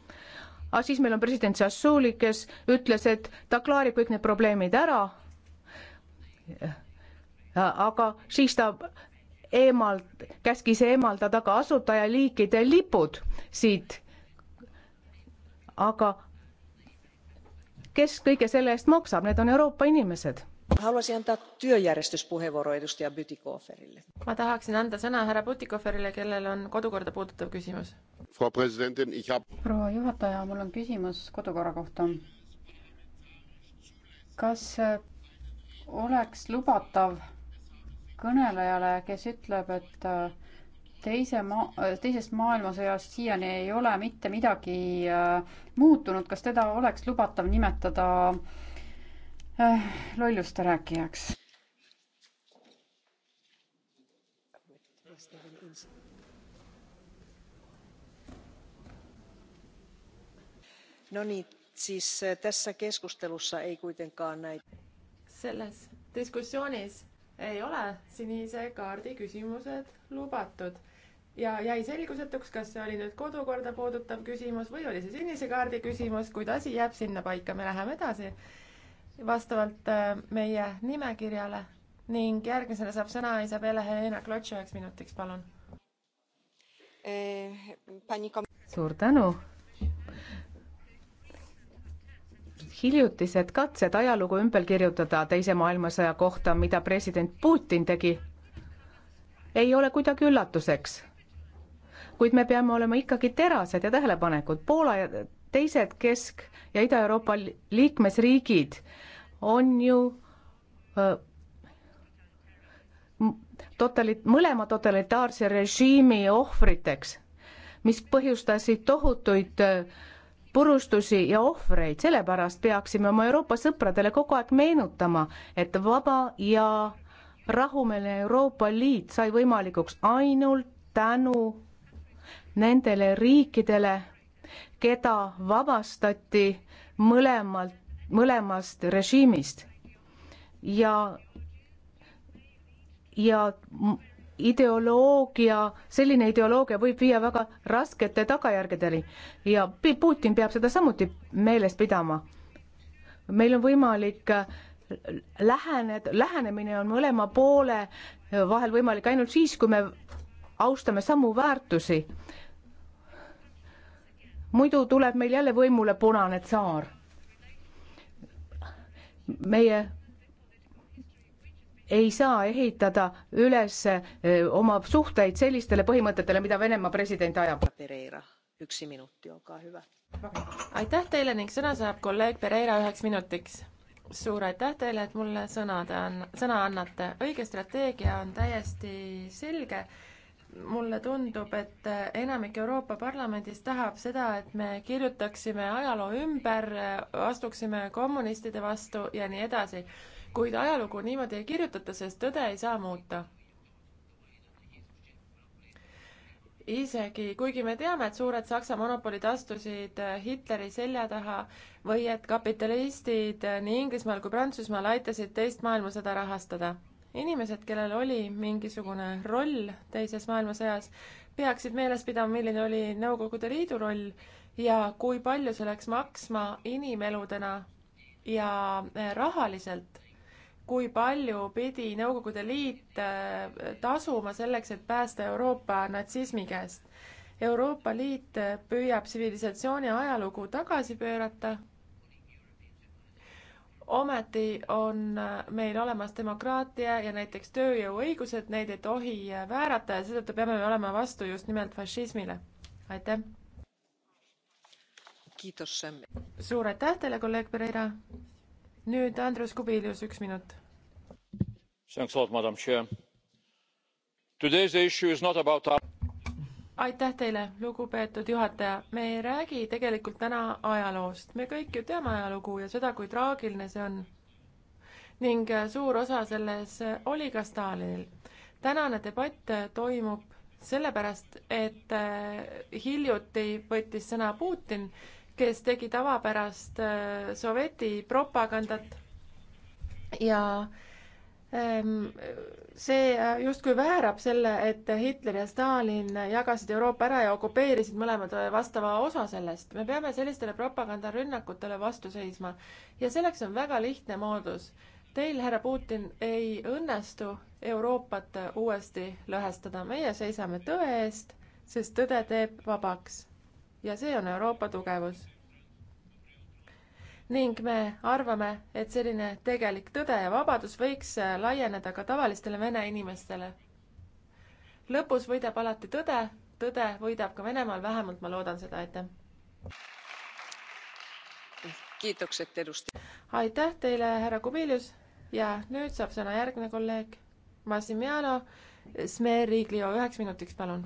aga siis meil on president Sassuli, kes ütles, et ta klaarib kõik need probleemid ära aga siis ta eemalt, käskis eemaldada ka asutajaliikide lipud siit. aga kes kõige selle eest maksab, need on Euroopa inimesed. ma tahaksin anda sõna härra Butikoferile, kellel on kodukorda puudutav küsimus. proua juhataja, mul on küsimus kodukorra kohta. kas oleks lubatav kõnelejale, kes ütleb, et äh, teise ma-, teisest maailmasõjast siiani ei ole mitte midagi äh, muutunud, kas teda oleks lubatav nimetada äh, lolluste rääkijaks? no nii siis äh, tässä keskustelussa ei kuitenkaan näitä. selles diskussioonis ei ole sinise kaardi küsimused lubatud. ja jäi selgusetuks, kas see oli nüüd kodukorda puudutav küsimus või oli see sinise kaardi küsimus, kuid asi jääb sinnapaika, me läheme edasi vastavalt äh, meie nimekirjale ning järgmisena saab sõna Isabelle Helena Klotš üheks minutiks, palun. Eh, suur tänu, hiljutised katsed ajalugu ümber kirjutada Teise maailmasõja kohta, mida president Putin tegi, ei ole kuidagi üllatuseks. kuid me peame olema ikkagi terased ja tähelepanekud. Poola ja teised Kesk- ja Ida-Euroopa liikmesriigid on ju öö, totalit-, mõlema totalitaarse režiimi ohvriteks, mis põhjustasid tohutuid öö, purustusi ja ohvreid, sellepärast peaksime oma Euroopa sõpradele kogu aeg meenutama, et vaba ja rahumeelne Euroopa Liit sai võimalikuks ainult tänu nendele riikidele, keda vabastati mõlemalt, mõlemast režiimist ja, ja ideoloogia, selline ideoloogia võib viia väga raskete tagajärgedeni ja Putin peab seda samuti meeles pidama. meil on võimalik äh, lähened, lähenemine on mõlema poole äh, vahel võimalik ainult siis, kui me austame samu väärtusi. muidu tuleb meil jälle võimule punane tsaar. meie ei saa ehitada üles eh, oma suhteid sellistele põhimõtetele, mida Venemaa president ajab. üks minut, olge hüva. aitäh teile ning sõna saab kolleeg Pereira üheks minutiks. suur aitäh teile, et mulle sõnade an-, sõna annate. õige strateegia on täiesti selge mulle tundub, et enamik Euroopa Parlamendis tahab seda, et me kirjutaksime ajaloo ümber, astuksime kommunistide vastu ja nii edasi kuid ajalugu niimoodi ei kirjutata, sest tõde ei saa muuta. isegi kuigi me teame, et suured Saksa monopolid astusid Hitleri selja taha või et kapitalistid nii Inglismaal kui Prantsusmaal aitasid teist maailmasõda rahastada inimesed, kellel oli mingisugune roll Teises maailmasõjas, peaksid meeles pidama, milline oli Nõukogude Liidu roll ja kui palju see läks maksma inimeludena ja rahaliselt kui palju pidi Nõukogude Liit äh, tasuma selleks, et päästa Euroopa natsismi käest. Euroopa Liit püüab tsivilisatsiooni ajalugu tagasi pöörata. ometi on äh, meil olemas demokraatia ja näiteks tööjõuõigused, neid ei tohi äh, väärata ja seetõttu peame me olema vastu just nimelt fašismile. aitäh! suur aitäh teile, kolleeg Pereira! nüüd Andrus Kubilius, üks minut madam president! aitäh teile lugupeetud juhataja! me ei räägi tegelikult täna ajaloost me kõik ju teame ajalugu ja seda kui traagiline see on ning suur osa selles oli ka stalinil. tänane debatt toimub sellepärast et äh, hiljuti võttis sõna putin kes tegi tavapärast äh, soveti propagandat ja äh, Ehm, see äh, justkui väärab selle, et Hitler ja Stalin jagasid Euroopa ära ja okupeerisid mõlemad äh, vastava osa sellest. me peame sellistele propagandarünnakutele vastu seisma ja selleks on väga lihtne moodus. Teil, härra Putin, ei õnnestu Euroopat äh, uuesti lõhestada. meie seisame tõe eest, sest tõde teeb vabaks. ja see on Euroopa tugevus ning me arvame, et selline tegelik tõde ja vabadus võiks äh, laieneda ka tavalistele vene inimestele. lõpus võidab alati tõde, tõde võidab ka Venemaal, vähemalt ma loodan seda, aitäh. aitäh teile, härra Kubilius ja nüüd saab sõna järgmine kolleeg Massimiano Smeriglio, üheks minutiks, palun.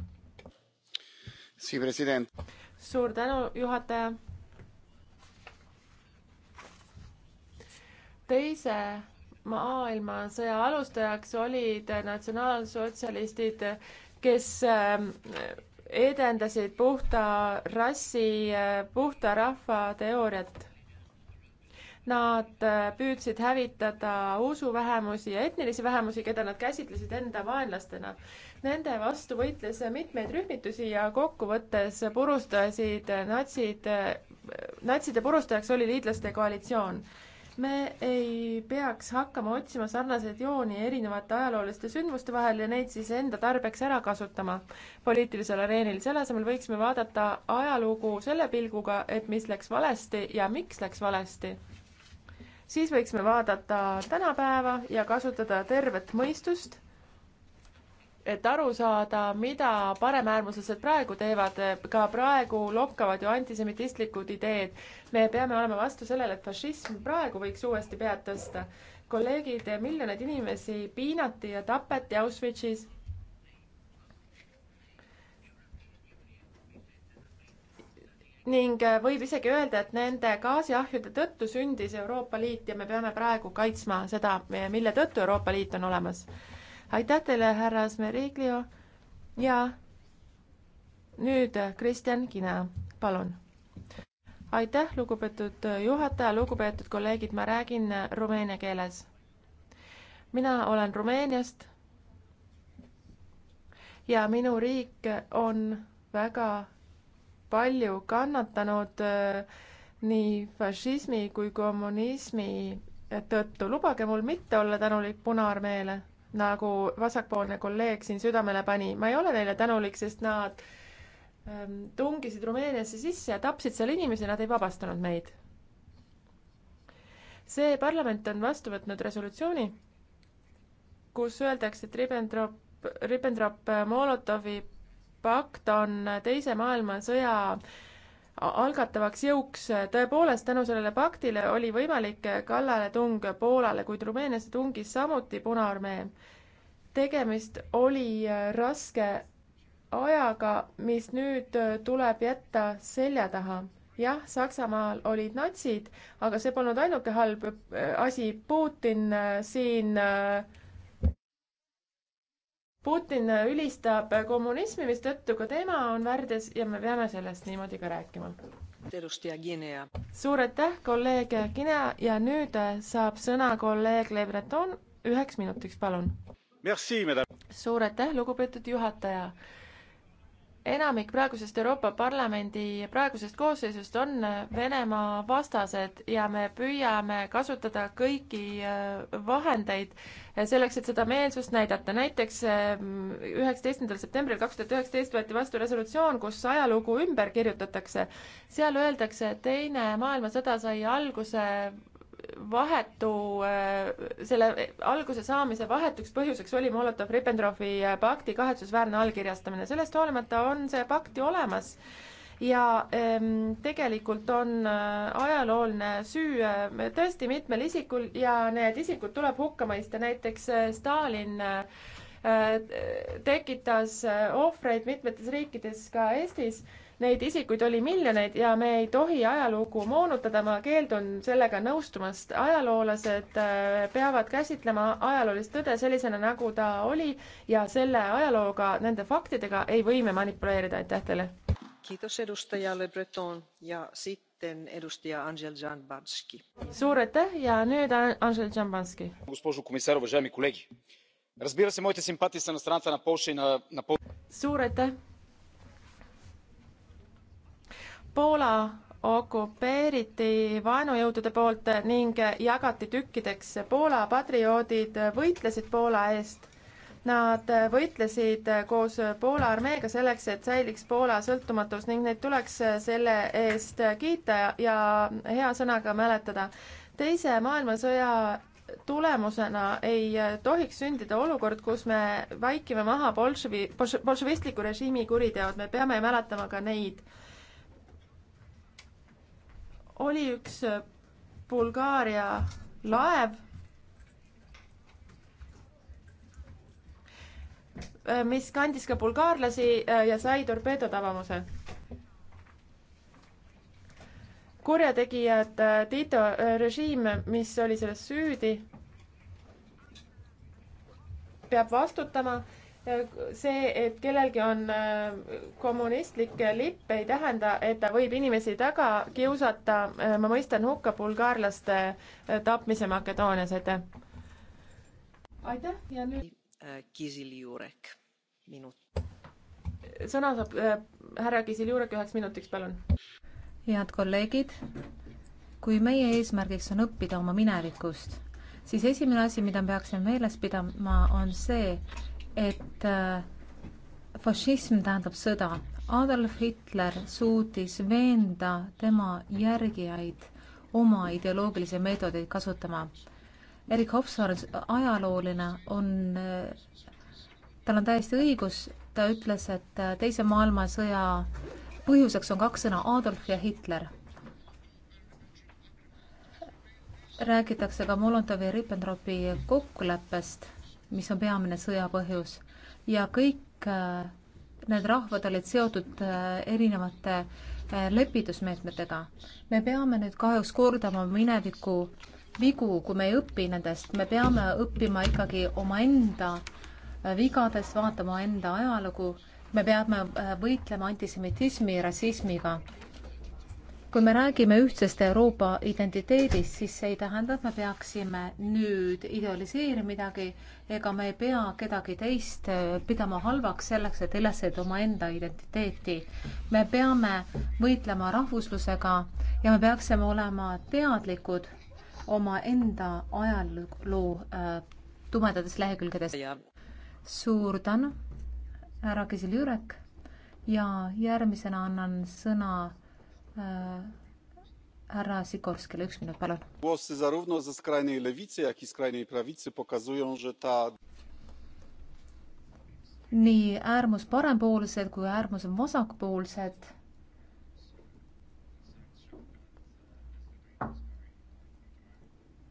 suur tänu, juhataja teise maailmasõja alustajaks olid natsionaalsotsialistid, kes ähm, edendasid puhta rassi, äh, puhta rahva teooriat. Nad äh, püüdsid hävitada usuvähemusi ja etnilisi vähemusi, keda nad käsitlesid enda vaenlastena. Nende vastu võitles mitmeid rühmitusi ja kokkuvõttes purustasid äh, natsid, natside purustajaks oli liitlaste koalitsioon me ei peaks hakkama otsima sarnaseid jooni erinevate ajalooliste sündmuste vahel ja neid siis enda tarbeks ära kasutama poliitilisel areenil. selle asemel võiksime vaadata ajalugu selle pilguga, et mis läks valesti ja miks läks valesti. siis võiksime vaadata tänapäeva ja kasutada tervet mõistust et aru saada, mida paremäärmuslased praegu teevad, ka praegu lokkavad ju antisemitistlikud ideed. me peame olema vastu sellele, et fašism praegu võiks uuesti pead tõsta. kolleegid, miljoneid inimesi piinati ja tapeti Auschwitzis ning võib isegi öelda, et nende gaasiahjude tõttu sündis Euroopa Liit ja me peame praegu kaitsma seda, mille tõttu Euroopa Liit on olemas aitäh teile, härra Smeriglio ja nüüd äh, Kristjan Kina, palun. aitäh, lugupeetud äh, juhataja, lugupeetud kolleegid, ma räägin äh, rumeenia keeles. mina olen Rumeeniast ja minu riik on väga palju kannatanud nii fašismi kui kommunismi tõttu. lubage mul mitte olla tänulik Punaarmeele nagu vasakpoolne kolleeg siin südamele pani. ma ei ole neile tänulik, sest nad ähm, tungisid Rumeeniasse sisse ja tapsid seal inimesi, nad ei vabastanud meid. see parlament on vastu võtnud resolutsiooni, kus öeldakse, et Ribbentrop, Ribbentrop-Molotovi pakt on Teise maailmasõja äh, algatavaks jõuks. tõepoolest, tänu sellele paktile oli võimalik kallaletung Poolale, kuid Rumeeniasse tungis samuti Punaarmee. tegemist oli äh, raske ajaga, mis nüüd äh, tuleb jätta selja taha. jah, Saksamaal olid natsid, aga see polnud ainuke halb äh, asi. Putin siin äh, Putin ülistab kommunismi, mistõttu ka tema on värdjas ja me peame sellest niimoodi ka rääkima. suur aitäh, kolleeg Guinea ja nüüd saab sõna kolleeg Le Breton üheks minutiks, palun. suur aitäh, lugupeetud juhataja enamik praegusest Euroopa Parlamendi praegusest koosseisust on äh, Venemaa vastased ja me püüame kasutada kõiki äh, vahendeid äh, selleks, et seda meelsust näidata. näiteks üheksateistkümnendal septembril kaks tuhat üheksateist võeti vastu resolutsioon, kus ajalugu ümber kirjutatakse. seal öeldakse, et Teine maailmasõda sai alguse vahetu, äh, selle alguse saamise vahetuks põhjuseks oli Molotovi-Ribbentropi äh, pakti kahetsusväärne allkirjastamine. sellest hoolimata on see pakt ju olemas ja ähm, tegelikult on äh, ajalooline süü tõesti mitmel isikul ja need isikud tuleb hukka mõista, näiteks Stalin äh, tekitas ohvreid mitmetes riikides, ka Eestis äh, Neid isikuid oli miljoneid ja me ei tohi ajalugu moonutada, ma keeldun sellega nõustumast. ajaloolased äh, peavad käsitlema ajaloolist tõde sellisena, nagu ta oli ja selle ajalooga, nende faktidega ei või me manipuleerida, aitäh teile. suur aitäh ja nüüd Andrzej Džambanski. suur aitäh. Poola okupeeriti vaenujõudude poolt ning jagati tükkideks. Poola patrioodid võitlesid Poola eest. Nad võitlesid koos Poola armeega selleks, et säiliks Poola sõltumatus ning neid tuleks selle eest kiita ja hea sõnaga mäletada. teise maailmasõja tulemusena ei tohiks sündida olukord, kus me vaikime maha bolševi-, bolševistliku režiimi kuriteod, me peame mäletama ka neid oli üks äh, Bulgaaria laev, äh, mis kandis ka bulgaarlasi äh, ja sai torpeedotabamuse. kurjategijad, Tito režiim, mis oli selles süüdi, peab vastutama see, et kellelgi on äh, kommunistlik lipp, ei tähenda, et ta võib inimesi taga kiusata. Äh, ma mõistan hukka bulgaarlaste äh, tapmise Makedoonias, aitäh. aitäh ja nüüd. Kisiljurek, minut. sõna saab äh, härra Kisiljurek üheks minutiks, palun. head kolleegid, kui meie eesmärgiks on õppida oma minevikust, siis esimene asi, mida peaksime meeles pidama, on see, et äh, fašism tähendab sõda. Adolf Hitler suutis veenda tema järgijaid oma ideoloogilisi meetodeid kasutama. Erik Hopsar, ajalooline, on, äh, tal on täiesti õigus, ta ütles, et äh, Teise maailmasõja põhjuseks on kaks sõna, Adolf ja Hitler. räägitakse ka Molotovi-Ribbentropi kokkuleppest mis on peamine sõja põhjus ja kõik äh, need rahvad olid seotud äh, erinevate äh, lepitusmeetmetega. me peame nüüd kahjuks kordama mineviku vigu, kui me ei õpi nendest, me peame õppima ikkagi omaenda vigadest, vaatama enda ajalugu, me peame võitlema antisemitismi ja rassismiga kui me räägime ühtsest Euroopa identiteedist, siis see ei tähenda, et me peaksime nüüd idealiseerima midagi ega me ei pea kedagi teist äh, pidama halvaks selleks, et üles ehitada omaenda identiteeti. me peame võitlema rahvuslusega ja me peaksime olema teadlikud omaenda ajaloo äh, tumedatest lehekülgedest. suur tänu, härra Kisiljurek ja järgmisena annan sõna Äh, härra Sikorskile üks minut, palun. nii äärmus parempoolsed kui äärmus vasakpoolsed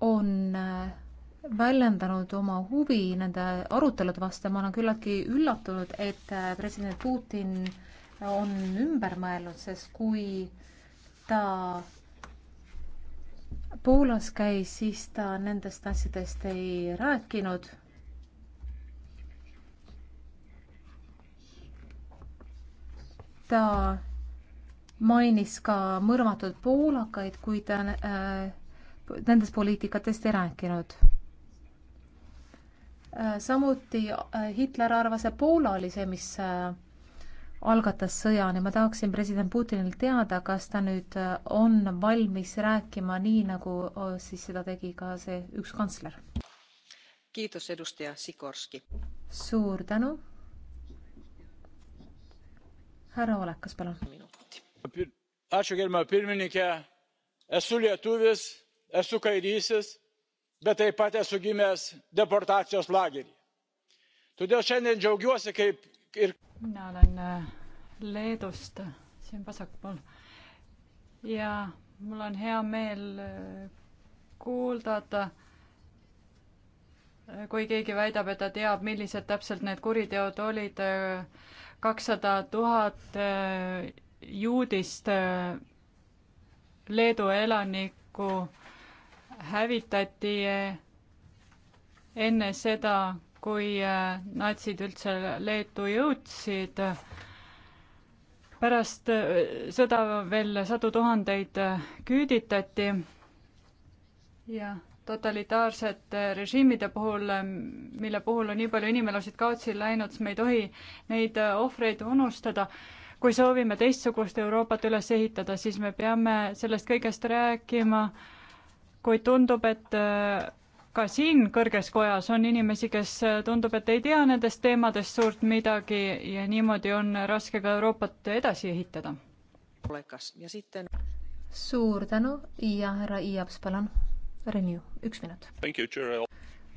on äh, väljendanud oma huvi nende arutelude vastu, ma olen küllaltki üllatunud, et äh, president Putin on ümber mõelnud, sest kui äh, ta Poolas käis, siis ta nendest asjadest ei rääkinud. ta mainis ka mõrvatud poolakaid, kui ta äh, nendest poliitikatest ei rääkinud äh,. samuti äh, Hitler arvas, et Poola oli see, mis äh, algatas sõja, nii ma tahaksin president Putinilt teada, kas ta nüüd äh, on valmis rääkima nii, nagu äh, siis seda tegi ka see üks kantsler. suur tänu. härra Olekas, palun. ačiū, gerbiama pirmininkė. Esu lietuvis, esu kairysis, bet taip pat esu gimęs deportacijos lageryje. todėl šiandien džiaugiuosi, kaip mina olen äh, Leedust siin vasakpool ja mul on hea meel äh, kuuldada, äh, kui keegi väidab, et ta teab, millised täpselt need kuriteod olid, kakssada tuhat juudist Leedu elanikku hävitati enne seda, kui äh, natsid üldse Leetu jõudsid. Äh, pärast äh, sõda veel sadu tuhandeid küüditati ja totalitaarsete režiimide puhul, mille puhul on nii palju inimelusid kaotsi läinud, siis me ei tohi neid ohvreid unustada. kui soovime teistsugust Euroopat üles ehitada, siis me peame sellest kõigest rääkima, kuid tundub, et ka siin kõrges kojas on inimesi, kes äh, tundub, et ei tea nendest teemadest suurt midagi ja niimoodi on raske ka Euroopat edasi ehitada. suur tänu ja härra Iabs, palun. Renew, üks minut.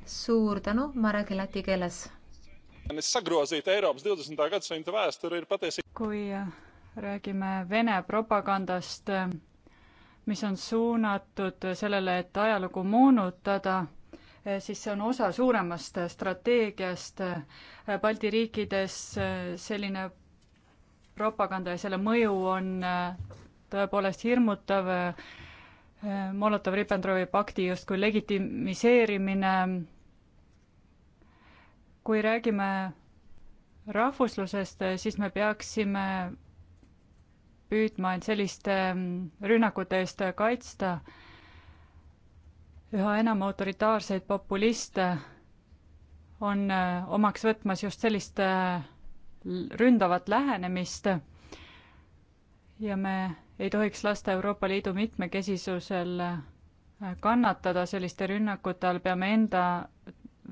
suur tänu, ma räägin läti keeles. kui äh, räägime Vene propagandast, äh, mis on suunatud sellele, et ajalugu moonutada Eh, siis see on osa suuremast eh, strateegiast eh, Balti riikides, selline propaganda ja selle mõju on tõepoolest hirmutav, Molotov-Ribbentropi pakti justkui legitimiseerimine, kui räägime rahvuslusest, siis me peaksime püüdma end selliste mm, rünnakute eest kaitsta üha enam autoritaarseid populiste on äh, omaks võtmas just sellist äh, ründavat lähenemist ja me ei tohiks lasta Euroopa Liidu mitmekesisusel äh, kannatada selliste rünnakute all, peame enda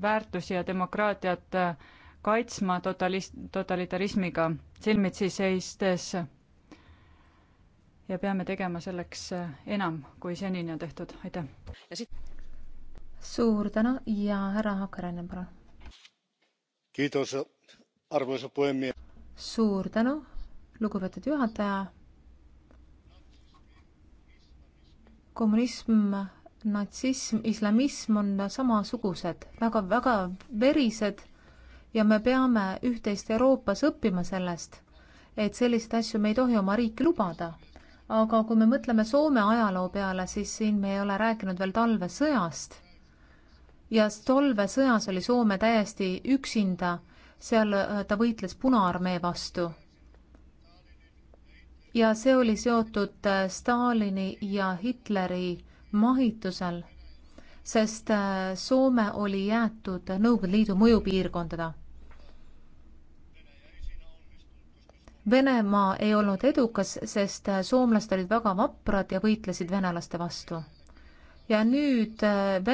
väärtusi ja demokraatiat kaitsma totalis-, totalitarismiga silmitsi seistes ja peame tegema selleks eh, enam, kui senini on tehtud, aitäh. suur tänu ja härra Hakkarainen, palun. suur tänu, lugupeetud juhataja. kommunism, natsism, islamism on samasugused väga,, väga-väga verised ja me peame üht-teist Euroopas õppima sellest, et selliseid asju me ei tohi oma riiki lubada aga kui me mõtleme Soome ajaloo peale, siis siin me ei ole rääkinud veel talvesõjast. ja talvesõjas oli Soome täiesti üksinda, seal äh, ta võitles Punaarmee vastu. ja see oli seotud äh, Stalini ja Hitleri mahitusel, sest äh, Soome oli jäetud Nõukogude Liidu mõjupiirkondade Venemaa ei olnud edukas, sest äh, soomlased olid väga vaprad ja võitlesid venelaste vastu. ja nüüd äh, Vene